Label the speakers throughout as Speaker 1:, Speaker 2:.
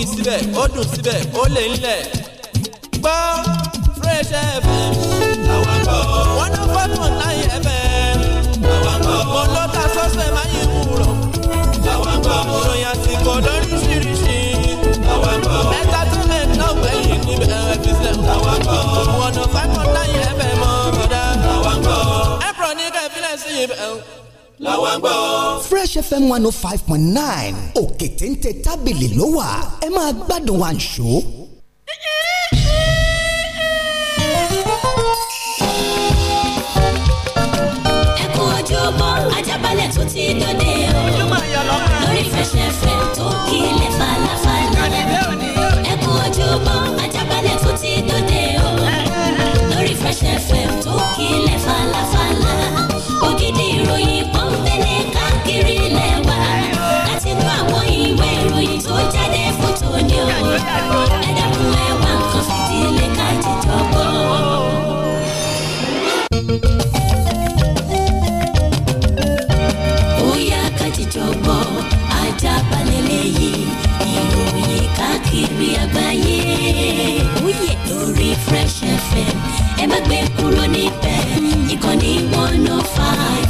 Speaker 1: kì síbẹ̀ ó dùn síbẹ̀ ó lè ń lẹ̀. gbọ́ fresh fm àwọn kọ́ one oh five point nine fm àwọn kọ́ mo lọ ta sọ́sẹ̀ máa yẹ mú rọ̀ àwọn kọ́ òròyìn àsìkò lóríṣiríṣi àwọn kọ́ mẹ́ta tún mẹ́ta ọ̀gbẹ́yìn níbẹ̀ ẹ̀fí sẹ́m àwọn kọ́ one oh five point nine fm ọ̀dà àwọn kọ́ ẹ̀pọ̀ ní kẹfílẹ̀ sí ibẹ̀ làwọn gbọ́.
Speaker 2: fresh fm one oh five point nine
Speaker 3: òkè téńté tábìlì ló wà ẹ máa gbádùn àǹṣó.
Speaker 4: ẹkún ojúbọ ajábalẹ̀ tó ti dòde o lórí fresh fm tó kílẹ̀ falafala ẹkún ojúbọ ajábalẹ̀ tó ti dòde o lórí fresh fm tó kílẹ̀ falafala ògidì ìròyìn pọ̀. tó jáde fún tòní o ẹ dákun ẹ wá nǹkan fìdílé ká jíjọ gbọ́. ó ká jíjọ gbọ́ ajá balẹ̀ lẹ́yìn ìròyìn káàkiri àgbáyé lórí Fresh FM ẹ má gbé kúrò níbẹ̀ ìkànnì one oh five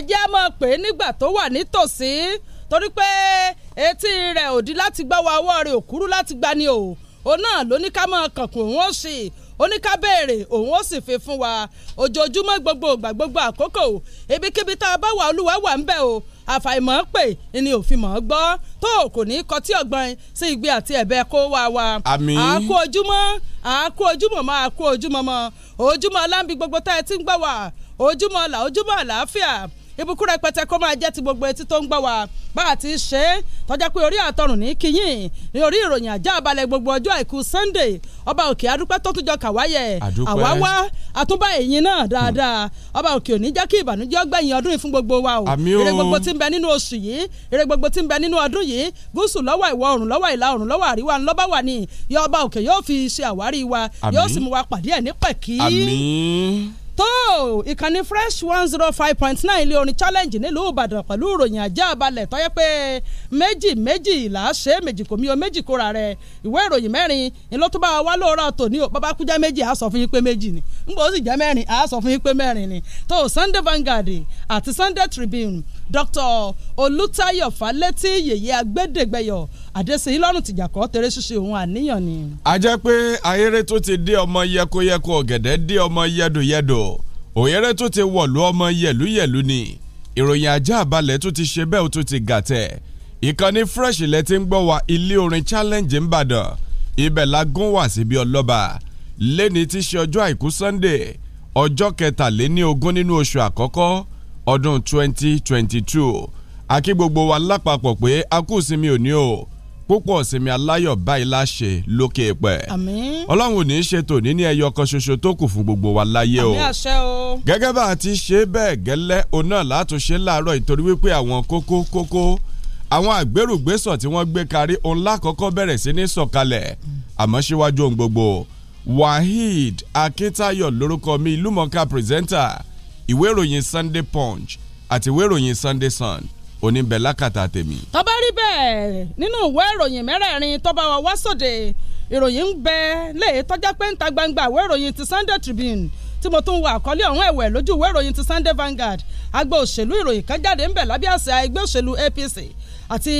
Speaker 1: ẹjẹ́ á mọ̀ pé nígbà tó wà nítòsí torí pé etí rẹ̀ òdì láti gbá wa ọwọ́ rẹ̀ òkúrú láti gba ni o òun náà ló ní ká mọ̀ kànkùn òun ó sì ó ká béèrè òun ó sì fi fún wa ojoojúmọ́ gbogbo ìgbà gbogbo àkókò ibikíbi tá a bá wà olúwa wà ń bẹ o àfàìmọ̀ pè ni òfin mọ̀ gbọ́ tó kò ní kọtí ọ̀gbọ́n sí igbe àti ẹ̀bẹ̀ kó wa wa. àmín àákú ojúmọ́ àákú ojúmọ́ mọ́ àákú ojúmọ́ mọ́ ojúmọ́ láǹbí gbogbo tá ti ń gbọ́ wà ojúmọ́ là ojúmọ́ àlàáfíà ìbùkún rẹpẹtẹ kó máa jẹ́ ti gbogbo etí tó ń gbọ́ wá bá a ti ṣe é tọ́já pé orí àtọrùn ní kíyìn ní orí ìròyìn àjá àbálẹ̀ gbogbo ọjọ́ àìkú Sunday ọba òkè adúpẹ́ tó tún jọ kàwáyẹ̀ àwa àtúbà ẹ̀yìn náà dáadáa ọba òkè òní jẹ́ kí ìbànújẹ́ ọgbẹ̀yìn ọdún yìí fún gbogbo wa o ire gbogbo tí ń bẹ nínú oṣù yìí ire gbogbo tí ń bẹ nínú ọdún yìí gúúsù lọ́wọ́ ìwọ̀ oòrùn lọ́wọ́ ìlà oòrùn lọ́wọ́ àríwá ńlọ́bà wà ní ọba òkè yóò fi ṣe àwárí wa yóò sì mú wa pàdé ẹ̀ ní pẹ̀kí. tó ìkànnì fresh one zero five point nine ilé orin challenge nílùú ìbàdàn pẹ̀lú ìròyìn ajá balẹ̀ pé méjì méjì là á méjì kò mí o méjì kóra rẹ̀ ìwé ìròyìn mẹ́rin ìlú tó bá wà lóòrọ̀ o bàbá kújá méjì á sọ fún yín pé méjì ni nbọ̀ ó sì jẹ́ mẹ́rin á sọ fún yín pé mẹ́rin ni tó Sunday àti Sunday Tribune Dr. yeye àdéṣeyí lọ́rùn tìjàkọ́ tẹ̀rẹ́ ṣíṣe òun àníyàn ni.
Speaker 5: a jẹ́ pé ayére tó ti dé ọmọ yẹkoyẹko ọ̀gẹ̀dẹ̀ dé ọmọ yẹdòyẹdò òyẹ́rẹ́ tó ti wọ̀lú ọmọ yẹ̀lúyẹ̀lú ni ìròyìn ajá àbálẹ̀ tó ti ṣe bẹ́ẹ̀ tó ti gàtẹ̀ ìkànnì fresh ilẹ̀ ti ń gbọ́ wa ilé orin challenge ń bàdàn ibẹ̀ la gún wá síbi ọlọ́ba lẹ́ni tí ṣe ọjọ́ àìkú sunday ọjọ́ kẹtàléní ogún nínú oṣù àkọ́kọ́ ọdún 2022 akí gbogbo wa lápapọ̀ pé akúùsinmi òní o púpọ̀ ọ̀sìnmi aláyọ̀ báyìí láṣẹ lókè pẹ̀. ọlọ́run ò ní í ṣe tòní ní ẹyọ kan ṣoṣo tó kù fún gbogbo wa láyé o. gẹ́gẹ́ bá a ti ṣe bẹ́ẹ̀ gẹ́lẹ́ òun náà látúnṣe láàárọ̀ ìtorí wípé àwọn kókó kókó àwọn àgbérùgbésọ̀ tí wọ́n gbé karí òun lákọ́kọ́ bẹ̀rẹ̀ sí ní sọ̀kalẹ̀ àmọ́ síwájú ohun gbogbo Waheed Akintayo lórúkọ mi ìlúmọ̀ọ́ká pírẹsẹ́ńtà ìwé ìròyìn Sunday Punch àti ìwé ìròyìn Sunday Sun oníbẹ̀ lákàtà tèmi.
Speaker 1: tó bá rí bẹ́ẹ̀ nínú ìwé ìròyìn mẹ́rẹ̀ẹ̀rin tó bá wa wá sóde ìròyìn ń bẹ léè tọ́já pé ń ta gbangba ìwé ìròyìn ti Sunday Tribune tí mo tún wà àkọlé ọ̀hún ẹ̀wẹ̀ lójú ìwé ìròyìn ti Sunday Vanguard agbo òṣèlú ìròyìn kan jáde ń bẹ lábẹ́ àṣẹ ẹgbẹ́ òṣèlú APC àti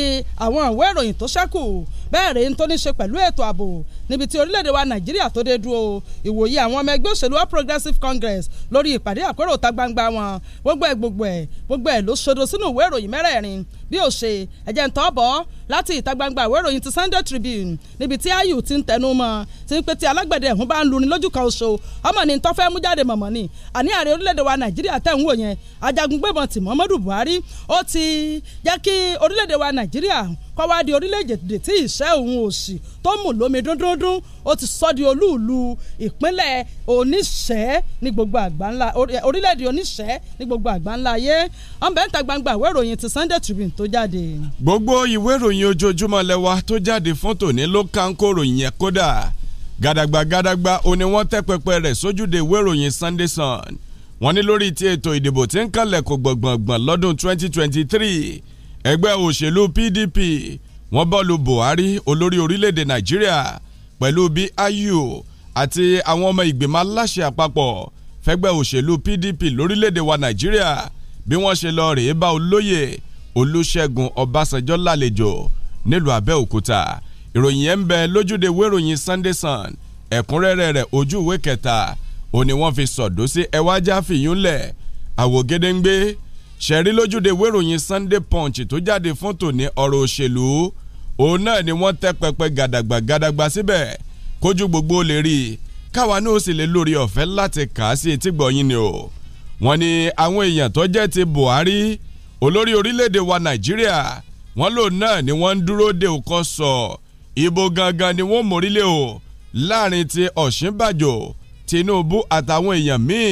Speaker 1: àwọn ìwé ìròyìn tó ṣẹ́kù bẹ́ẹ̀ rèé ń tó ní ṣe pẹ̀lú ètò ààbò níbi tí orílẹ̀-èdè wa nàìjíríà tó dé dúró ìwòye àwọn ọmọ ẹgbẹ́ òṣèlú all progressives congress lórí ìpàdé àpérò ta gbangba wọn gbogbo ẹ̀ gbogbo ẹ̀ gbogbo ẹ̀ ló ṣodo sínú ìwé ìròyìn mẹ́rẹ̀ẹ̀rin bí ó ṣe ẹ̀jẹ̀ ń tọ́ bọ́ láti ìta gbangba ìwé ìròyìn ti sunday tribune níbi tí ayù ti ń tẹnu mọ́ ti ń pé tí alágbẹ̀dẹ ẹ̀hún bá ń luni lójú kan oṣù ọmọ ní tó fẹ́ mú jáde mọ̀mọ́ ni àní ààrẹ orílẹ̀-èdè wa nàìjíríà tẹ̀ ń wò yẹn ajagun gbẹ̀bọ̀n tí muhammadu buhari ó ti jẹ́ kí orílẹ̀-èdè wa nàìjíríà kọ́ wá di orílẹ̀-èdè tí ìṣẹ́ òun òṣì tó mú lómi dúndúndún ó ti sọ di olúùlú ìpínlẹ̀ oníṣẹ́ ní gbogbo àgbáńlá orílẹ̀-èdè oníṣẹ́ ní gbogbo àgbáńlá ayé ọ̀nbẹ́ gbangba ìwé ìròyìn ti Sunday Tribune tó jáde.
Speaker 5: gbogbo ìwé ìròyìn ojoojúmọ́ lẹ́wà tó jáde fún tòní ló kánkó ròyìn yẹn kódà gàdàgbà gàdàgbà ó ní wọ́n tẹ́ pẹpẹ rẹ̀ sójúde ìwé ìròyìn Sunday Sun wọ́n ní lórí ti ètò ìdìbò tí ń kalẹ̀ kò gbọ̀ngbọ̀ngbọ̀n lọ́dún 2023 ẹgbẹ́ òṣèlú PDP wọ́n bọ́ọ̀lù Buhari olórí orílẹ̀-èdè Nàìjíríà pẹ̀lú bí ayu àti àwọn ọmọ ìgbìmọ̀ aláṣẹ àpapọ̀ fẹ́gbẹ́ òṣèlú PDP lórílẹ̀-èdè wa Nàìjíríà bí wọ́n ṣe lọ rèé bá olóyè Olúṣẹ́gun Ọbásanjọ́ lálejò nílùú Abẹ́òkúta ìròyìn yẹn ń bẹ lójúde wéròyìn Sunday Sun ẹ̀kúnrẹ́rẹ́ rẹ̀ ojú ìwé kẹta ó ní wọ́n fi sọ̀dọ́ ẹwájá fìyún àwògede ń gbé ṣẹ̀rí lójúde wéròyìn Sunday Punch tó jáde fún tòní ọ̀rọ̀ òṣèlú òun náà ni wọ́n tẹ́ pẹpẹ gàdàgbà gàdàgbà síbẹ̀ kójú gbogbo lè rí i káwa náà sì lè lórí ọ̀fẹ́ láti kà á sí etí gbọ̀yìn ni o wọ́n ní àwọn èèyàn tó jẹ́ ti Buhari olórí orílẹ̀-èdè wa Nàìjíríà wọ́n lò náà ni wọ́n ń dúró de òkọ sọ ìbò gangan ni wọ́n mórílẹ̀ o láàrin ti Ọ̀ṣínbàjò Tinubu àtàwọn èèyàn míì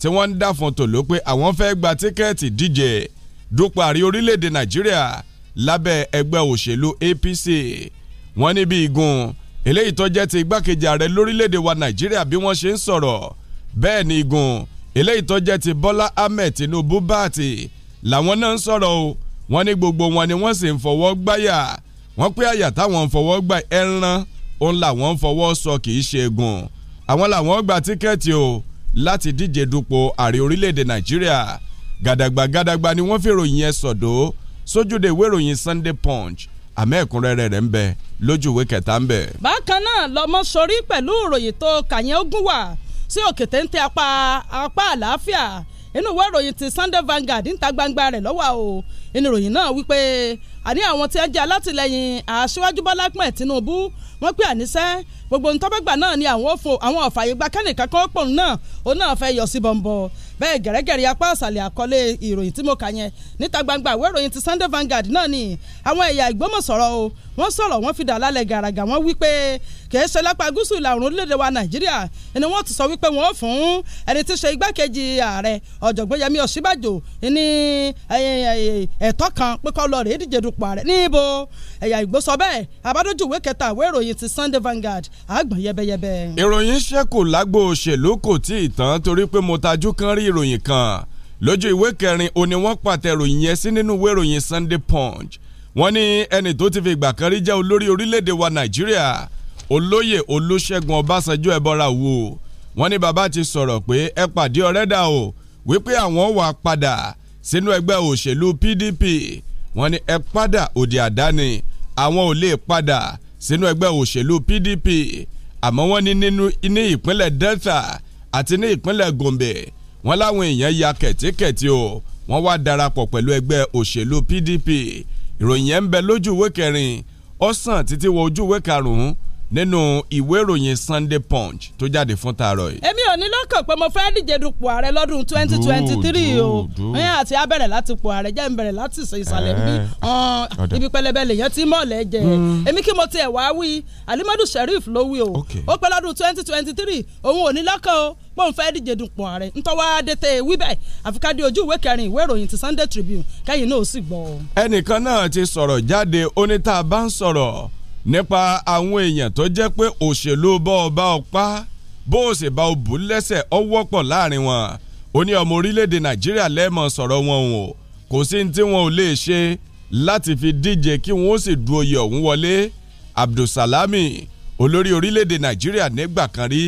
Speaker 5: tí wọ́n ń dáfọn tò ló pé àwọn fẹ́ gba tíkẹ́ẹ̀tì díje dúpọ̀ àrí orílẹ̀-èdè nàìjíríà lábẹ́ ẹgbẹ́ òṣèlú APC wọ́n ní igun eléyìí tó jẹ́ ti igbákejì ààrẹ lórílẹ̀-èdè wa nàìjíríà bí wọ́n ṣe ń sọ̀rọ̀ bẹ́ẹ̀ ni igun eléyìí tó jẹ́ ti bọ́lá ahmed tinubu báàtì làwọn náà ń sọ̀rọ̀ o wọ́n ní gbogbo wọn ni wọ́n sì ń fọwọ́ gbáyà wọ́n pé àyà táwọn ń fọwọ́ gbà ẹran òun làwọn ń fọwọ́ sọ kì í ṣe egun àwọn làwọn gba tíkẹ́ẹ̀tì o láti díje dupò ààrẹ orílẹ̀-èdè nàìjíríà gàdàgbà gàdàgbà ni wọ́n fi ròyìn ẹ̀ sọ̀dọ̀ sójúde ìwé ìròyìn Sunday Punch àmọ́ ẹ̀kúnrẹ́rẹ́ rẹ̀ ń bẹ lójú ìwé kẹta ń bẹ.
Speaker 1: bákan náà lọmọ sọrí pẹ̀lú ìròyìn tó kàyẹn ogun wà sí òkè téńté apá apá àlàáfíà inú ìwé ìròyìn ti Sunday Vanguard níta gbangba rẹ̀ lọ́wọ́ o inú ìròyìn náà wípé àní àwọn tí wọ́n jẹ́ alátìlẹyìn aṣíwájú bọ́lá pẹ̀ tinubu wọ́n pè àníṣẹ́ gbogbo ntọ́gbẹ́gbà náà ni àwọn òfò àwọn ọ̀fàyè gba kẹ́nìkan kan pòun náà òun náà fẹ́ yọ sí bọ̀m̀bọ̀ bẹ́ẹ̀ gẹ̀rẹ́gẹ̀rẹ́ apá àṣàlẹ̀ àkọlé ìròyìn tí mo kà yẹn níta gbangba ìwé ìròyìn ti Sunday Vanguard náà ni àwọn ẹ̀yà Ìgbómọ̀ṣọ́rọ̀ o wọ́n sọ̀rọ̀ wọ́n fi dà lálẹ́ gàràgà wọ́n wí pé kì í ṣe lápá gúúsù ìlà oòrùn orílẹ̀-èdè wa nàìjíríà ni wọ́n ti sọ wípé wọ́n fún ẹni tí í ṣe igbákejì ààrẹ ọ̀jọ̀gbọ́n yẹmí ọ̀ṣínbàjò ní ẹ̀tọ́ kan pé kó lọ rèé díje dupò ààrẹ níbo ẹ̀yà ìgbó sọ bẹ́ẹ̀ abádójú ìwé kẹta ìwé ìròyìn ti sunday Vanguard àgbọ̀n yẹbẹyẹbẹ.
Speaker 5: ìròyìn ṣẹ́kù lágbo òṣèlú kò tí ì tán torí pé mo tajú kán rí ìròyìn kan lójú ìwé kẹrin òní wọ́n pàtẹ ìròyìn yẹn sí nínú ìwé ìròyìn Sunday Punch wọ́n ní ẹni tó ti fi ìgbà kan rí jẹ́ olórí orílẹ̀-èdè wa nàìjíríà olóyè olúṣẹ́gun ọbásanjọ́ ẹ̀bọ́ra wo wọ́n ní bàbá ti sọ̀rọ̀ pé ẹ pàdé ọ̀rẹ́ dà o wípé àwọn wà padà sínú ẹgbẹ́ òṣèlú PDP wọ́n ní ẹ padà òdì àdáni àwọn ò lè padà sínú ẹgbẹ́ òṣèlú PDP àmọ́ wọ́n ní nínú ní ìpínlẹ̀ Delta àti ní ìpínlẹ̀ Gombe wọ́n láwọn èèyàn ya kẹ̀tíkẹ̀tí o wọ́n wá darapọ̀ pẹ̀lú ẹgbẹ́ òṣèlú PDP ìròyìn yẹn ń bẹ lójú ìwé kẹrin ó títí wọ ojú ìwé karùn nínú ìwé ìròyìn Sunday Punch tó jáde fún taarọ̀ yìí.
Speaker 1: èmi ò ní lọ́kàn pé mo fẹ́ díje dupò ààrẹ lọ́dún twenty twenty three o ẹ̀yìn àti abẹ̀rẹ̀ láti pò ààrẹ jẹ́ ìbẹ̀rẹ̀ láti sọ ìsàlẹ̀ bí eh, ibi pẹlẹbẹ lèyàn ti mọ̀lẹ́ jẹ hmm. èmi kí mo tiẹ̀ wá wí Alimadu Sheriff ló wí o ó pẹ́ lọ́dún twenty twenty three òun ò ní lọ́kàn o pọ́n fẹ́ díje dupò ààrẹ ntọ́wá adétẹ wíbẹ̀ àfikádé ojú ìwé kẹrin ìwé ìròyìn ti Sunday Tribune kẹ́yìn náà ó sì gbọ́.
Speaker 5: ẹnìkan náà ti sọ̀rọ̀ jáde ó ní tá a bá ń sọ̀rọ̀ nípa àwọn èèyàn tó jẹ́ pé òṣèlú bọ́ ọba ọpá bó o sì bá o bù lẹ́sẹ̀ ọ wọ́pọ̀ láàrin wọn ó ní ọmọ orílẹ̀-èdè nàìjíríà lẹ́ẹ̀mọ sọ̀rọ̀ wọn o kò sí ní tí wọn ò lè ṣe láti fi díje kí wọn ó sì du oyè ọ̀hún wọlé abdulsalami olórí orílẹ̀-èdè nàìjíríà nígbà kan rí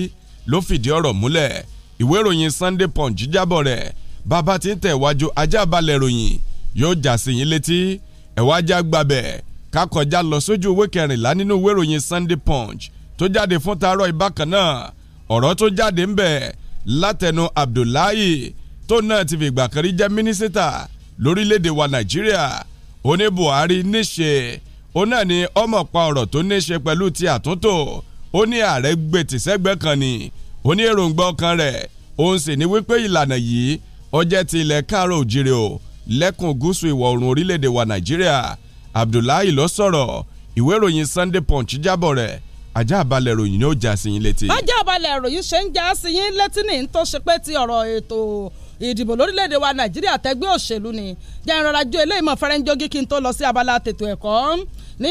Speaker 5: ló fìdí ọ̀rọ̀ múlẹ̀ ìwé ìròyìn sunday punch jábọ̀ rẹ̀ bàbá tí ń tẹ̀wájú ajá balẹ̀ ròyìn yóò jà sí yín létí ẹ̀wájá gbàbẹ̀ ká kọjá lọ sójú owó kẹrìnlá nínú ìwé ìròyìn Sunday Punch tó jáde fún taarọ̀ ìbákan náà ọ̀rọ̀ tó jáde ń bẹ̀ látẹnu Abdullahi tó náà ti fìgbà kan rí jẹ́ mínísítà lórílẹ̀‐èdè wa Nàìjíríà ó ní Buhari níṣe ó náà ní ọmọ pa ọ̀rọ̀ tó níṣe pẹ̀lú ti àtúntò ó ní ààrẹ gbé kan ni ó ní èròǹgbà ọkàn rẹ̀ òun sì ní wípé ìlànà yìí ó ti ilẹ̀ káàrọ̀ òjìrè o lẹ́kùn gúúsù ìwọ̀ oòrùn orílẹ̀‐èdè wa Nàìjíríà Abdullahi ló sọ̀rọ̀ ìwé ìròyìn Sunday Punch jábọ̀ rẹ̀ ajá balẹ̀ ìròyìn ni ó já sí yín létí.
Speaker 1: bájá balẹ̀ ìròyìn ṣe ń já sí yín létí ní tó ṣe pé ti ọ̀rọ̀ ètò ìdìbò lórílẹ̀‐èdè wa Nàìjíríà tẹ́gbẹ́ òṣèlú ni jẹ́ ìrora ju eléyìí mọ̀ fẹ́rẹ́ ń jogi kí n tó lọ sí abala tètò ẹ̀kọ́ ní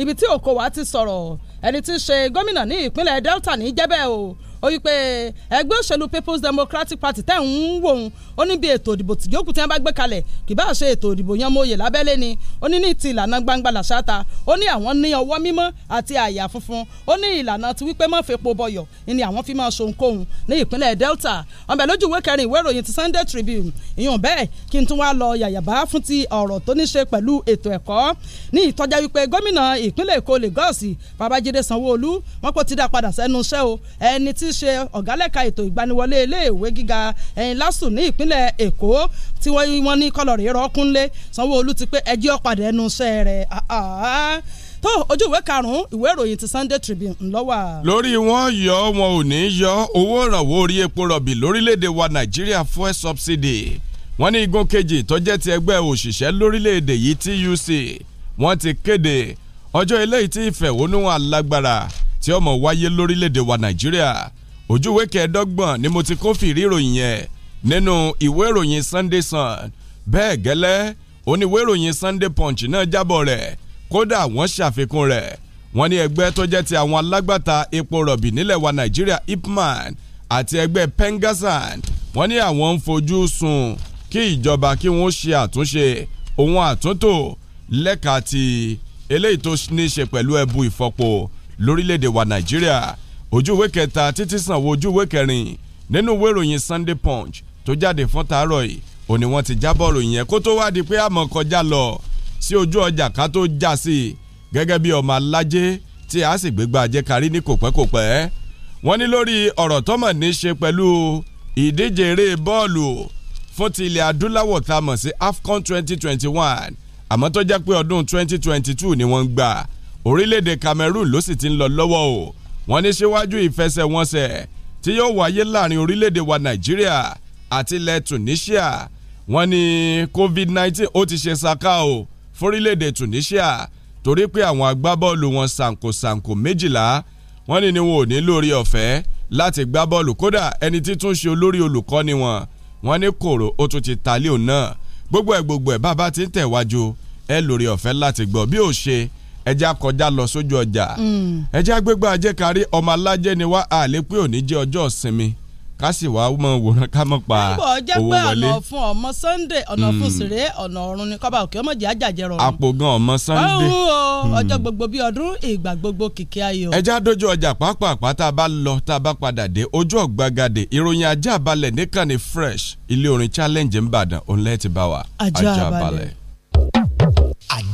Speaker 1: ibi tí Okowa ti sọ̀rọ̀ ẹni tí í ṣe gómìnà ní ìpínlẹ̀ Delta ní jẹ́bẹ̀ o ó wí pé ẹgbẹ́ òṣèlú People's Democratic Party tẹ̀ ń wò ó ó ní bí ètò ìdìbò tí yòókù tí wọ́n bá gbé kalẹ̀ kì bá ṣe ètò ìdìbò yan mọ́yè lábẹ́lé ni ó ní ní ti ìlànà gbangba làṣáta ó ní àwọn ní ọwọ́ mímọ́ àti àyà funfun ó ní ìlànà ti wípé má fepo bọyọ̀ ni àwọn fi máa ṣohunkóhun ní ìpínlẹ̀ Delta ọbẹ̀ lójú ìwé kẹrin ìwé ìròyìn ti Sunday Tribune ìyún bẹ́ẹ̀ kí n tún wá lọ yàyàbá fún ti ọ̀rọ̀ tó ní ṣe pẹ̀lú ètò ẹ̀kọ́ ní ìtọ́jà wípé gómìnà ìpínlẹ̀ Èkó Lagos Babájídé Sanwó-Olú wọn kò o ẹni ń ṣe ọ̀gálẹ́ka ètò ìgbaniwọlé iléèwé gíga ẹ̀yìn lásù ní ìpínlẹ̀ Èkó tí wọ́n ní kọlọ̀rì rọ́ọ̀kúnlé Sanwó-Olú ti pé ẹjẹ́ ọ̀padà ẹnu iṣẹ́ rẹ̀ tó ojú ìwé karùnún ìwé ìròyìn ti Sunday Tribune ńlọ́wà.
Speaker 5: lórí wọn yọ wọn ò ní yọ owó ìrànwọ́ orí epo rọ̀bì lórílẹ̀‐èdè wa Nàìjíríà fuel subsidy wọ́n ní igun kejì tó jẹ́ ti ẹgbẹ́ òṣìṣẹ́ lórílẹ̀‐èdè yìí TUC wọ́n ti kéde ọjọ́ eléyìí tí ìfẹ̀hónúhàn alágbára tí ó wáyé lórílẹ̀‐èdè wa Nàìjíríà ojúwe kẹẹ̀ẹ́dọ́gbọ̀n ni mo ti kó fìrí ìròyìn yẹn nínú ìwé ìròyìn Sunday Sun bẹ́ẹ̀ gẹ́lẹ́ oníwé ìròyìn Sunday Punch náà jábọ̀ rẹ̀ kódà wọ́n ṣàfikún rẹ̀ wọ́n ní ẹgbẹ́ tó jẹ́ ti àwọn alágbàtà epo rọ̀bì nílẹ̀ wa Nàìjíríà IPMAN àti ẹgbẹ́ Pengasan wọ́n ní àwọn ń fojú sùn kí ìjọba kí wọ́n ṣe àtúnṣe ohun àtúntò lẹ́ka ti eléyìí tó ní í ṣe pẹ̀lú ẹbu ìfọpo lórílẹ̀‐èdè wa Nàìjíríà ojú ìwé kẹta títí sàn wo ojú ìwé kẹrin nínú ìwé ìròyìn Sunday Punch tó jáde fún tàárọ̀ yìí ó ní wọ́n ti jábọ̀ ròyìn yẹn kó tó wá di pé àmọ́ kọjá lọ sí ojú ọjà ká tó já sí i gẹ́gẹ́ bí ọmọ alájẹ tí a sì gbégbá jẹ́ kárí ní kòpẹ́kòpẹ́ wọ́n ní lórí ọ̀rọ̀ tọ́mọ̀ ní ṣe pẹ̀lú ìdíje eré bọ́ọ̀lù fún ti ilẹ̀ adúláwọ̀ tá a mọ̀ sí AFCON 2021 àmọ́ tó jẹ́ pé ọdún 2022 ni wọ́n ń gbà orílẹ̀-èdè Cameroon ló sì ti ń lọ lọ́wọ́ o wọ́n ní síwájú ìfẹsẹ̀wọnsẹ̀ tí yóò wáyé láàrin orílẹ̀-èdè wa nàìjíríà àti ilẹ̀ tunisia wọ́n ní covid-19 ó ti ṣe ṣaka o fórílẹ̀-èdè tunisia torí pé àwọn agbábọ́ọ̀lù wọn ṣàǹkóṣàǹkó méjìlá wọ́n ní ni wọn ò ní lórí ọ̀fẹ́ láti gbá bọ́ọ̀lù kódà ẹni tí tún ṣe olórí olùkọ́ni wọn wọ́n ní kòrò ó tún ti ta léò náà gbogbo ẹ̀ gbogbo ẹ̀ bàbá ti ń tẹ̀wájú ẹ lórí ọ̀fẹ́ láti gbọ́ bí ó ṣe ẹja kọjá lọ sójú ọjà mm. ẹja gbégbá ajé kárí ọmọ alájẹ ni wá àlè pé òní jẹ́ ọjọ́ ìsinmi ká sì wá mọ wòran ká mọ pa owó wọlé. ọ̀nà
Speaker 1: fún ọmọ Sunday ọ̀nà fún mm. sèré ọ̀nà ọ̀run ni kọ́ba òkè ọmọ jẹ́ àjàjẹ́ rọrùn.
Speaker 5: àpò gan ọmọ Sunday. ọ̀hún o mm. ọjọ́
Speaker 1: gbogbo bíi ọdún ìgbà gbogbo kìkì ayọ̀.
Speaker 5: ẹja dojú ọjà pàápàá tá a bá lọ tá a bá padà dé ojú ọ̀gbagadè ìròyìn ajá balẹ̀ nìkan ni fresh ilé orin challenge ń bàdàn òun lẹ́ẹ̀ bá wa ajá balẹ̀.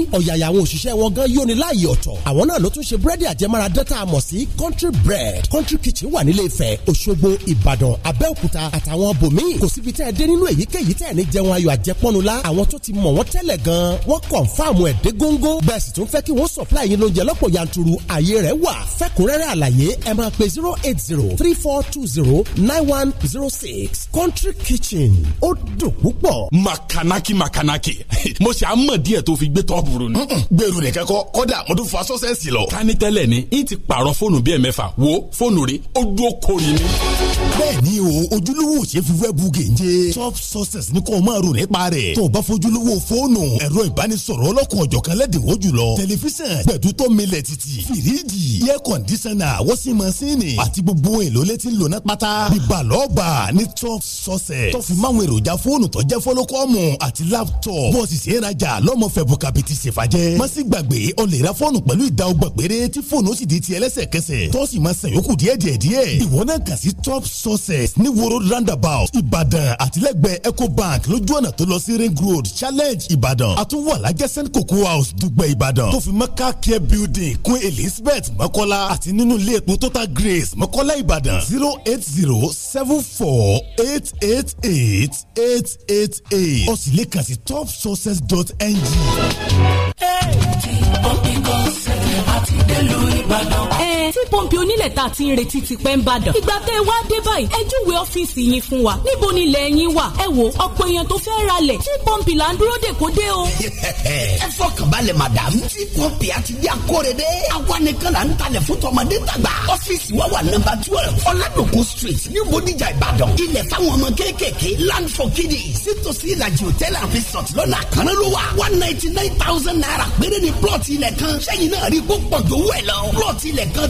Speaker 6: ní ọ̀yàyà àwọn òṣìṣẹ́ wọn gan yóni láàyè ọ̀tọ̀ àwọn náà ló tún ṣe búrẹ́dì àjẹmára dẹ́ta àmọ̀ sí country bread country kitchen wà nílé Ifẹ̀ Òṣogbo Ìbàdàn Abẹ́òkúta àtàwọn bòmíì kò síbi tẹ́ ẹ dé nínú èyíkéyìí tẹ́ ẹ ní jẹun ayọ̀ àjẹpọ́nu la àwọn tó ti mọ̀ wọ́n tẹ́lẹ̀ gan wọ́n kọ̀ǹfàmù ẹ̀ dé góńgó bẹ́ẹ̀ sì tún fẹ́ kí wọ́n supply yín lóúnjẹ zero eight zero three four two zero nine one zero six country kitchen ó dùn púpọ̀. makanaki makanaki mo ṣe àmọ̀ burú ni. gbèrú nìkan kọ kọ́dà mo tún fa sọ́sẹ̀sì lọ. ká
Speaker 7: tẹ́lẹ̀ ni n ti pààrọ̀ fóònù bíi ẹ̀mẹ́fà wo fóònù rí
Speaker 6: ó dúró kori ni. bẹ́ẹ̀ni o ojúlówó ṣe fi wẹ́ẹ̀bù gèje top success ní kò máa rò nípa rẹ̀ tó o bá fojúlówó fóònù ẹ̀rọ ìbánisọ̀rọ̀ ọlọ́kùn ọ̀jọ̀kan lẹ́dínwó jùlọ tẹlifíṣàn gbẹ̀dútọ́ milẹ̀ títì fìrídì iye kọ̀ndísánà wọ́sí masínì àti gbogbo èlò létí lónà pátá bíbalọ́ọ̀bà ní top success tó fi máwọn èròjà fóònù tó jẹ́ fọlọ́kọ́mù àti láptọ̀pù bọ́ọ̀sì sí ìrajà lọ́mọ fẹ̀bù kàbìtì ṣèfàjẹ́ má sì gbàgbé o lè ra fóònù pẹ̀lú ìdá ọgbọ̀n péré tí fóònù ó sì di tiẹ̀ lẹ́sẹ̀kẹsẹ̀ tó sì máa san yòókù díẹ̀ díẹ̀ díẹ̀ ìwọ náà kà sí top sources ní woro roundabout ìbàdàn àtìlẹ́gbẹ̀ẹ́ ecobank lójú ọ̀nà tó lọ sí ring road challenge ìbàdàn àtúwọ̀ alájẹ́ st cocoa house dùgbẹ̀ ìbàdàn tó fi mọ́ car care building kún elizabeth mọ́kọ́lá àti nínú ilé epo total grace mọ́kọ́lá ìbàdàn zero eight zero seven four eight eight eight eight eight eight ó sì lè kàn sí topsources.ng
Speaker 4: ti pọ́ńpì kan ṣẹlẹ̀ àti délùú
Speaker 1: Ìbàdàn ẹ tí pọ́ǹpì onílẹ̀ ta ti ń retí ti pẹ́ ń bàdàn. ìgbà tẹ́ ẹ wá dé báyìí ẹ ọ́fíìsì yín fún wa níbo ni ilẹ̀ yín wà ẹ wò ọ̀pọ̀ èèyàn tó fẹ́ ra lẹ̀ tí pọ́ǹpì là ń dúró
Speaker 2: dè kó dé o. ẹ fọkàn balẹ̀ madam tí pọ́ǹpì àti bí akóredé àwa nìkan là ń talẹ̀ fún tọmọdé tàgbà ọ́fíìsì wa wà nọ́mbà twelve ọ̀làdòkun street ní bodijà ìbàdàn ilẹ̀ fáwọn land for kiddies sítòsí hotel and resort lọ́nà àkànná one ninety nine thousand naira péré ni plọ̀tì ilẹ̀ kan sẹ́yìn náà rí gbọ́pọ̀ jówó ẹ̀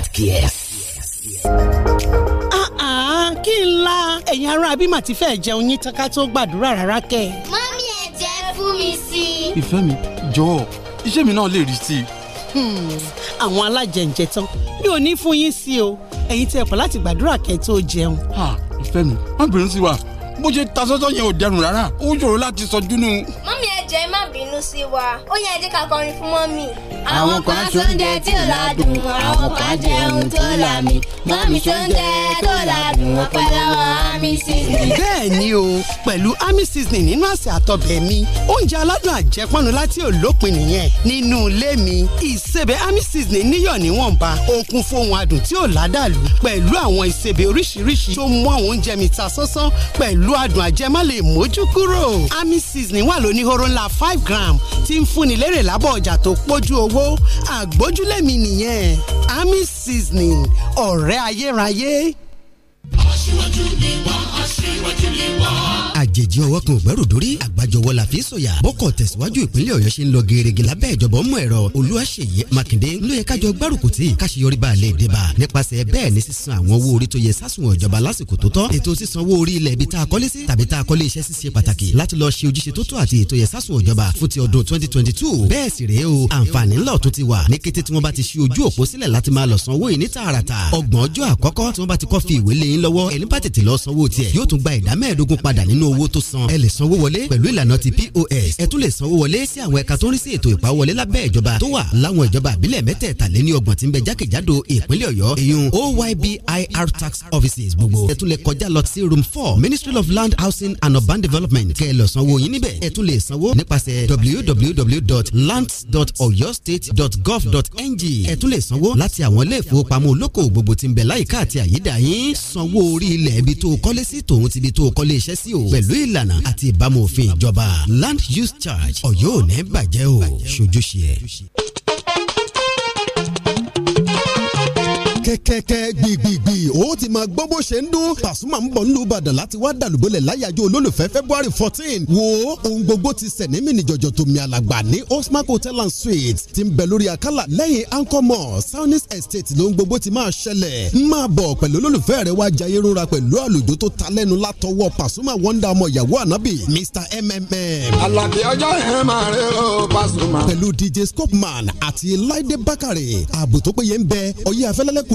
Speaker 2: healthcare ah, ah, kí n la ẹ̀yin ará abí màtí fẹ́ jẹun yín tán ká tó gbàdúrà rárá kẹ́.
Speaker 4: mọ́mí ẹ̀jẹ̀ fún mi sí i.
Speaker 6: ìfẹ́ mi jọ̀ọ́ iṣẹ́ mi náà lè rí sí i.
Speaker 4: Hmm, àwọn
Speaker 6: alájẹǹjẹ tán mi ò ní fún yín sí o ẹ̀yin tẹ́ ẹ̀kọ́ láti gbàdúrà kẹ́ tó jẹun. ìfẹ́ mi má bínú sí wa bó ṣe ta sọ́sọ́ yẹn ò dẹrùn rárá ó ṣòro láti sọ dúnú.
Speaker 4: mọ́mí ẹ jọ ẹ má bínú sí wa ó yẹ ẹ jẹ́ ká kọrin fún mọ́mì. àwọn kan sóúnjẹ tí ò ládùn àwọn kan jẹun tó làmì mọ́mì sóúnjẹ tó ládùn ọpẹ́ lọ́wọ́ army seasoning. bẹ́ẹ̀
Speaker 6: ni o pẹ̀lú army seasoning nínú àsè àtọbẹ̀ mi oúnjẹ
Speaker 3: aládùn àjẹpọ́nu láti òlópin nìyẹn nínú ilé mi ìsebẹ̀ army seasoning níyọ̀
Speaker 6: níwọ̀nba ó kún fóun adùn tí ò ládàlú pẹ̀lú àwọn ìsebẹ̀ oríṣiríṣi tó mú àwọn oúnjẹ mi ta sánsán pẹ̀lú adùn àjẹmọ́lẹ̀ mójú kúrò army seasoning wà lóní horo ńlá abala five gram tí ń fúnni lérè lábọ̀ ọjà tó pójú owó àgbójúlé mi nìyẹn Ami seasoning ọ̀rẹ́ ayérayé. aṣíwájú
Speaker 2: ni wá aṣíwájú ni
Speaker 4: wá
Speaker 3: àjèjì ọwọ́ kan ògbẹ́rù dórí àgbàjọwọ́ la fi ń sọ̀yà bọ́kọ̀ tẹ̀síwájú ìpínlẹ̀ ọ̀yọ́ ṣe ń lọ gẹ̀rẹ́gẹ̀ lábẹ́ ìjọba ọmọ ẹ̀rọ olúwaṣeyẹ mákindé ló yẹ kájọ gbárùkù tí káṣíyọrí bá lè débà nípasẹ̀ bẹ́ẹ̀ ni sísan àwọn owó orí tó yẹ sásùn ìjọba lásìkò tó tọ́ ètò sísan owó orí ilẹ̀ ibi tá a kọ́lé sí tàbí tá a kọ́lé iṣẹ́ ṣíṣe 2022 bẹ́ẹ̀ sì rèé o àǹfààní ńlọ tó ti wà ní kété tí wọ́n bá ti ṣí ojú òpó sílẹ̀ láti máa lọ san owó yìí ní tààràtà ọgbọ̀n ọjọ́ àkọ́kọ́ tí owó tó san ẹ lè sanwó wọlé pẹ̀lú ìlànà ti POS ẹ tún lè sanwó wọlé sí àwọn ẹ̀ka tó ń rí sí ètò ìpawọlé lábẹ́ ìjọba tó wà láwọn ìjọba àbílẹ̀ mẹ́tẹ̀ẹ̀tàléní ọgbọ̀n tí ń bẹ jákèjádò ìpínlẹ̀ ọ̀yọ́ èyun OYBIR tax offices gbogbo ẹ tún lè kọjá lọ sí room four Ministry of Land Housing and Urban Development kẹ́ ẹ lọ sanwó yín níbẹ̀ ẹ tún lè sanwó nípasẹ̀ www.lands.oyostate.gov.ng ẹ tún lè sanwó láti àwọn ilé ìfowópamọ́ olóko gbogbo tí ń bẹ láyìíká àti àyídà yín sanwó orí ilẹ̀ ibi tó kọ́lé sí tòun ti ibi tó kọ́lé iṣẹ́ sí o pẹ̀lú pẹ̀lú ìlànà àti ìbámu òfin ìjọba land use charge ọ̀yọ́ ò ní bàjẹ́ o ṣojúṣe ẹ̀.
Speaker 6: kẹ́kẹ́kẹ́ gbìgbìgbì ó ti máa gbọ́ bó ṣe ń dún Pasuma ń bọ̀ nílùú Ìbàdàn láti wá dàlúbọ̀lẹ̀ láyàjọ́ olólùfẹ́ February fourteen wo ohun gbogbo ti sẹ̀ ní mìnìjọ̀jọ̀ tó mi àlàgbà ní Osmark Hotel and Suites ti ń bẹ̀ lórí àkàlà lẹ́yìn Anchor Mall Saunis Estate lóhun gbogbo ti máa ṣẹlẹ̀ ń máa bọ̀ pẹ̀lú olólùfẹ́ rẹ̀ wá jayé rúra pẹ̀lú àlùjọ tó ta lẹ́nu látọwọ́ Pasuma wonder ọmọ ìyàwó Mr MMM. Àlàbí ọjọ́ yẹn máa rẹ o Pasuma. DJ Scopeman àti Láìdé Bákàrẹ̀ ààbò tó péye ń bẹ ọyẹ́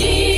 Speaker 4: Yeah.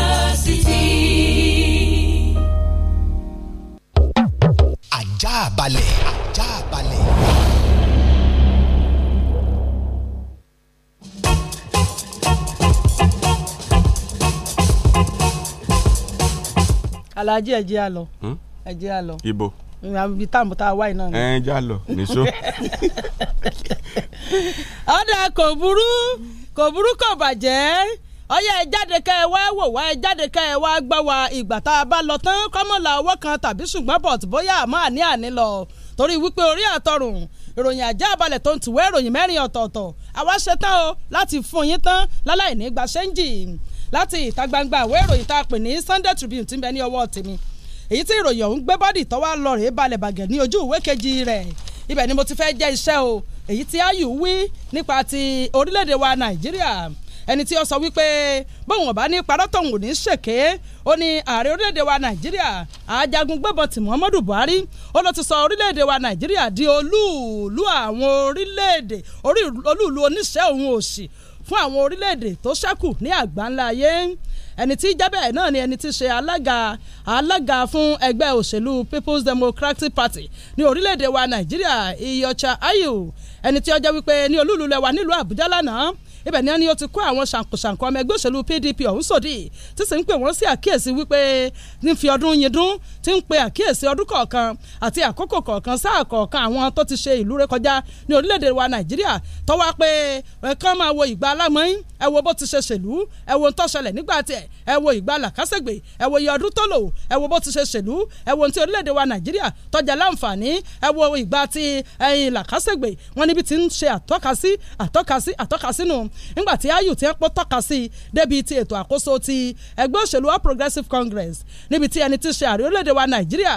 Speaker 8: ajá balẹ̀ ajá balẹ̀.
Speaker 1: alhaji hmm? ẹ jẹ́ a lọ ibo ibi táàmù tá a wáyé náà ni. ẹ
Speaker 5: já lọ nìṣó.
Speaker 1: ọ̀dà kò burú kò burú kò bàjẹ́ ọyá ẹ jáde kẹ ẹ wá wò wá ẹ jáde kẹ ẹ wá gbọ́ wá ìgbà tá a bá lọ tán kọ́mọ̀lá ọwọ́ kan tàbí ṣùgbọ́n bọ̀t bóyá àmọ́ àní àní lọ torí wípé orí àtọrùn ìròyìn àjẹ́ àbálẹ̀ tó ń tìwé ìròyìn mẹ́rin ọ̀tọ̀ọ̀tọ̀ àwa ṣe tán o láti fún yín tán láláì ní gba ṣẹ́ńjì láti ìta gbangba àwọn ìròyìn tá a pè ní Sunday Tribune ti ń bẹ ní ọwọ́ tèmi èyí tí ìròyìn ọ̀hún gbé bọ́dì tọ́wọ́ lọ rèé balẹ̀ bàgẹ́ ní ojú ìwé kejì rẹ̀ ibẹ̀ ni mo ti fẹ́ jẹ́ iṣẹ́ o èyí tí ayù wí nípa ti orílẹ̀ wa Nàìjíríà ẹni tí ó sọ wípé bóun ọ̀bá ní parọ́ tóun ò ní ṣèké ó ní ààrẹ orílẹ̀-èdè wa nàìjíríà ajagun gbẹ́bọn tí muhammadu buhari ó ló ti sọ orílẹ̀-èdè wa nàìjíríà di olúùlú àwọn orílẹ̀-èdè olúùlú oníṣẹ́ òun òṣì fún àwọn orílẹ̀-èdè tó ṣẹ́kù ní àgbáńlá ayé ẹni tí jábẹ́ náà ni ẹni tí ṣe alága alága fún ẹgbẹ́ òṣèlú People's Democratic Party ní orílẹ̀-èdè wa Nàìjíríà Iyorchia Ayu ẹni tí ó jẹ́ wípé ní olúùlú lẹ̀ nílùú Àbújá lánàá ibẹ̀ ni wọ́n ní ó ti kó àwọn ṣàǹkóṣàǹkó ọmọ ẹgbẹ́ òṣèlú PDP ọ̀hún sòdì tí sì ń pè wọ́n sí àkíyèsí wípé ní fi ọdún yin dún ti ń pe àkíyèsí ọdún kọ̀ọ̀kan àti àkókò kọ̀ọ̀kan sáà kọ̀ọ̀kan àwọn tó ti ṣe ìlú rékọjá ní orílẹ̀-èdè wa Nàìjíríà tọ́wá pé ẹ̀kan máa wo ìgbà alámọ́yìn ẹ wo bó ti ṣe ṣèlú ẹ wo tó ṣẹlẹ̀ nígbà tiẹ̀ ẹ wo ìgbà làkàṣègbè ẹ wo iye ọdún tó lò ẹ wo bó ti ṣe ṣèlú ẹ wo ti orílẹ̀-èdè wa nàìjíríà tọ́jà láǹfààní ẹ wo ìgbà ti ẹyin làkàṣègbè wọn níbi ti ń ṣe àtọ́ka sí àtọ́ka sí àtọ́ka sínú nígbà tí ayù ti ń pọ́ tọ́ka sí débi ti ètò àkóso ti ẹgbẹ́ òṣèlú all progressive congress níbi tí ẹni ti ṣe àrí orílẹ̀-èdè wa nàìjíríà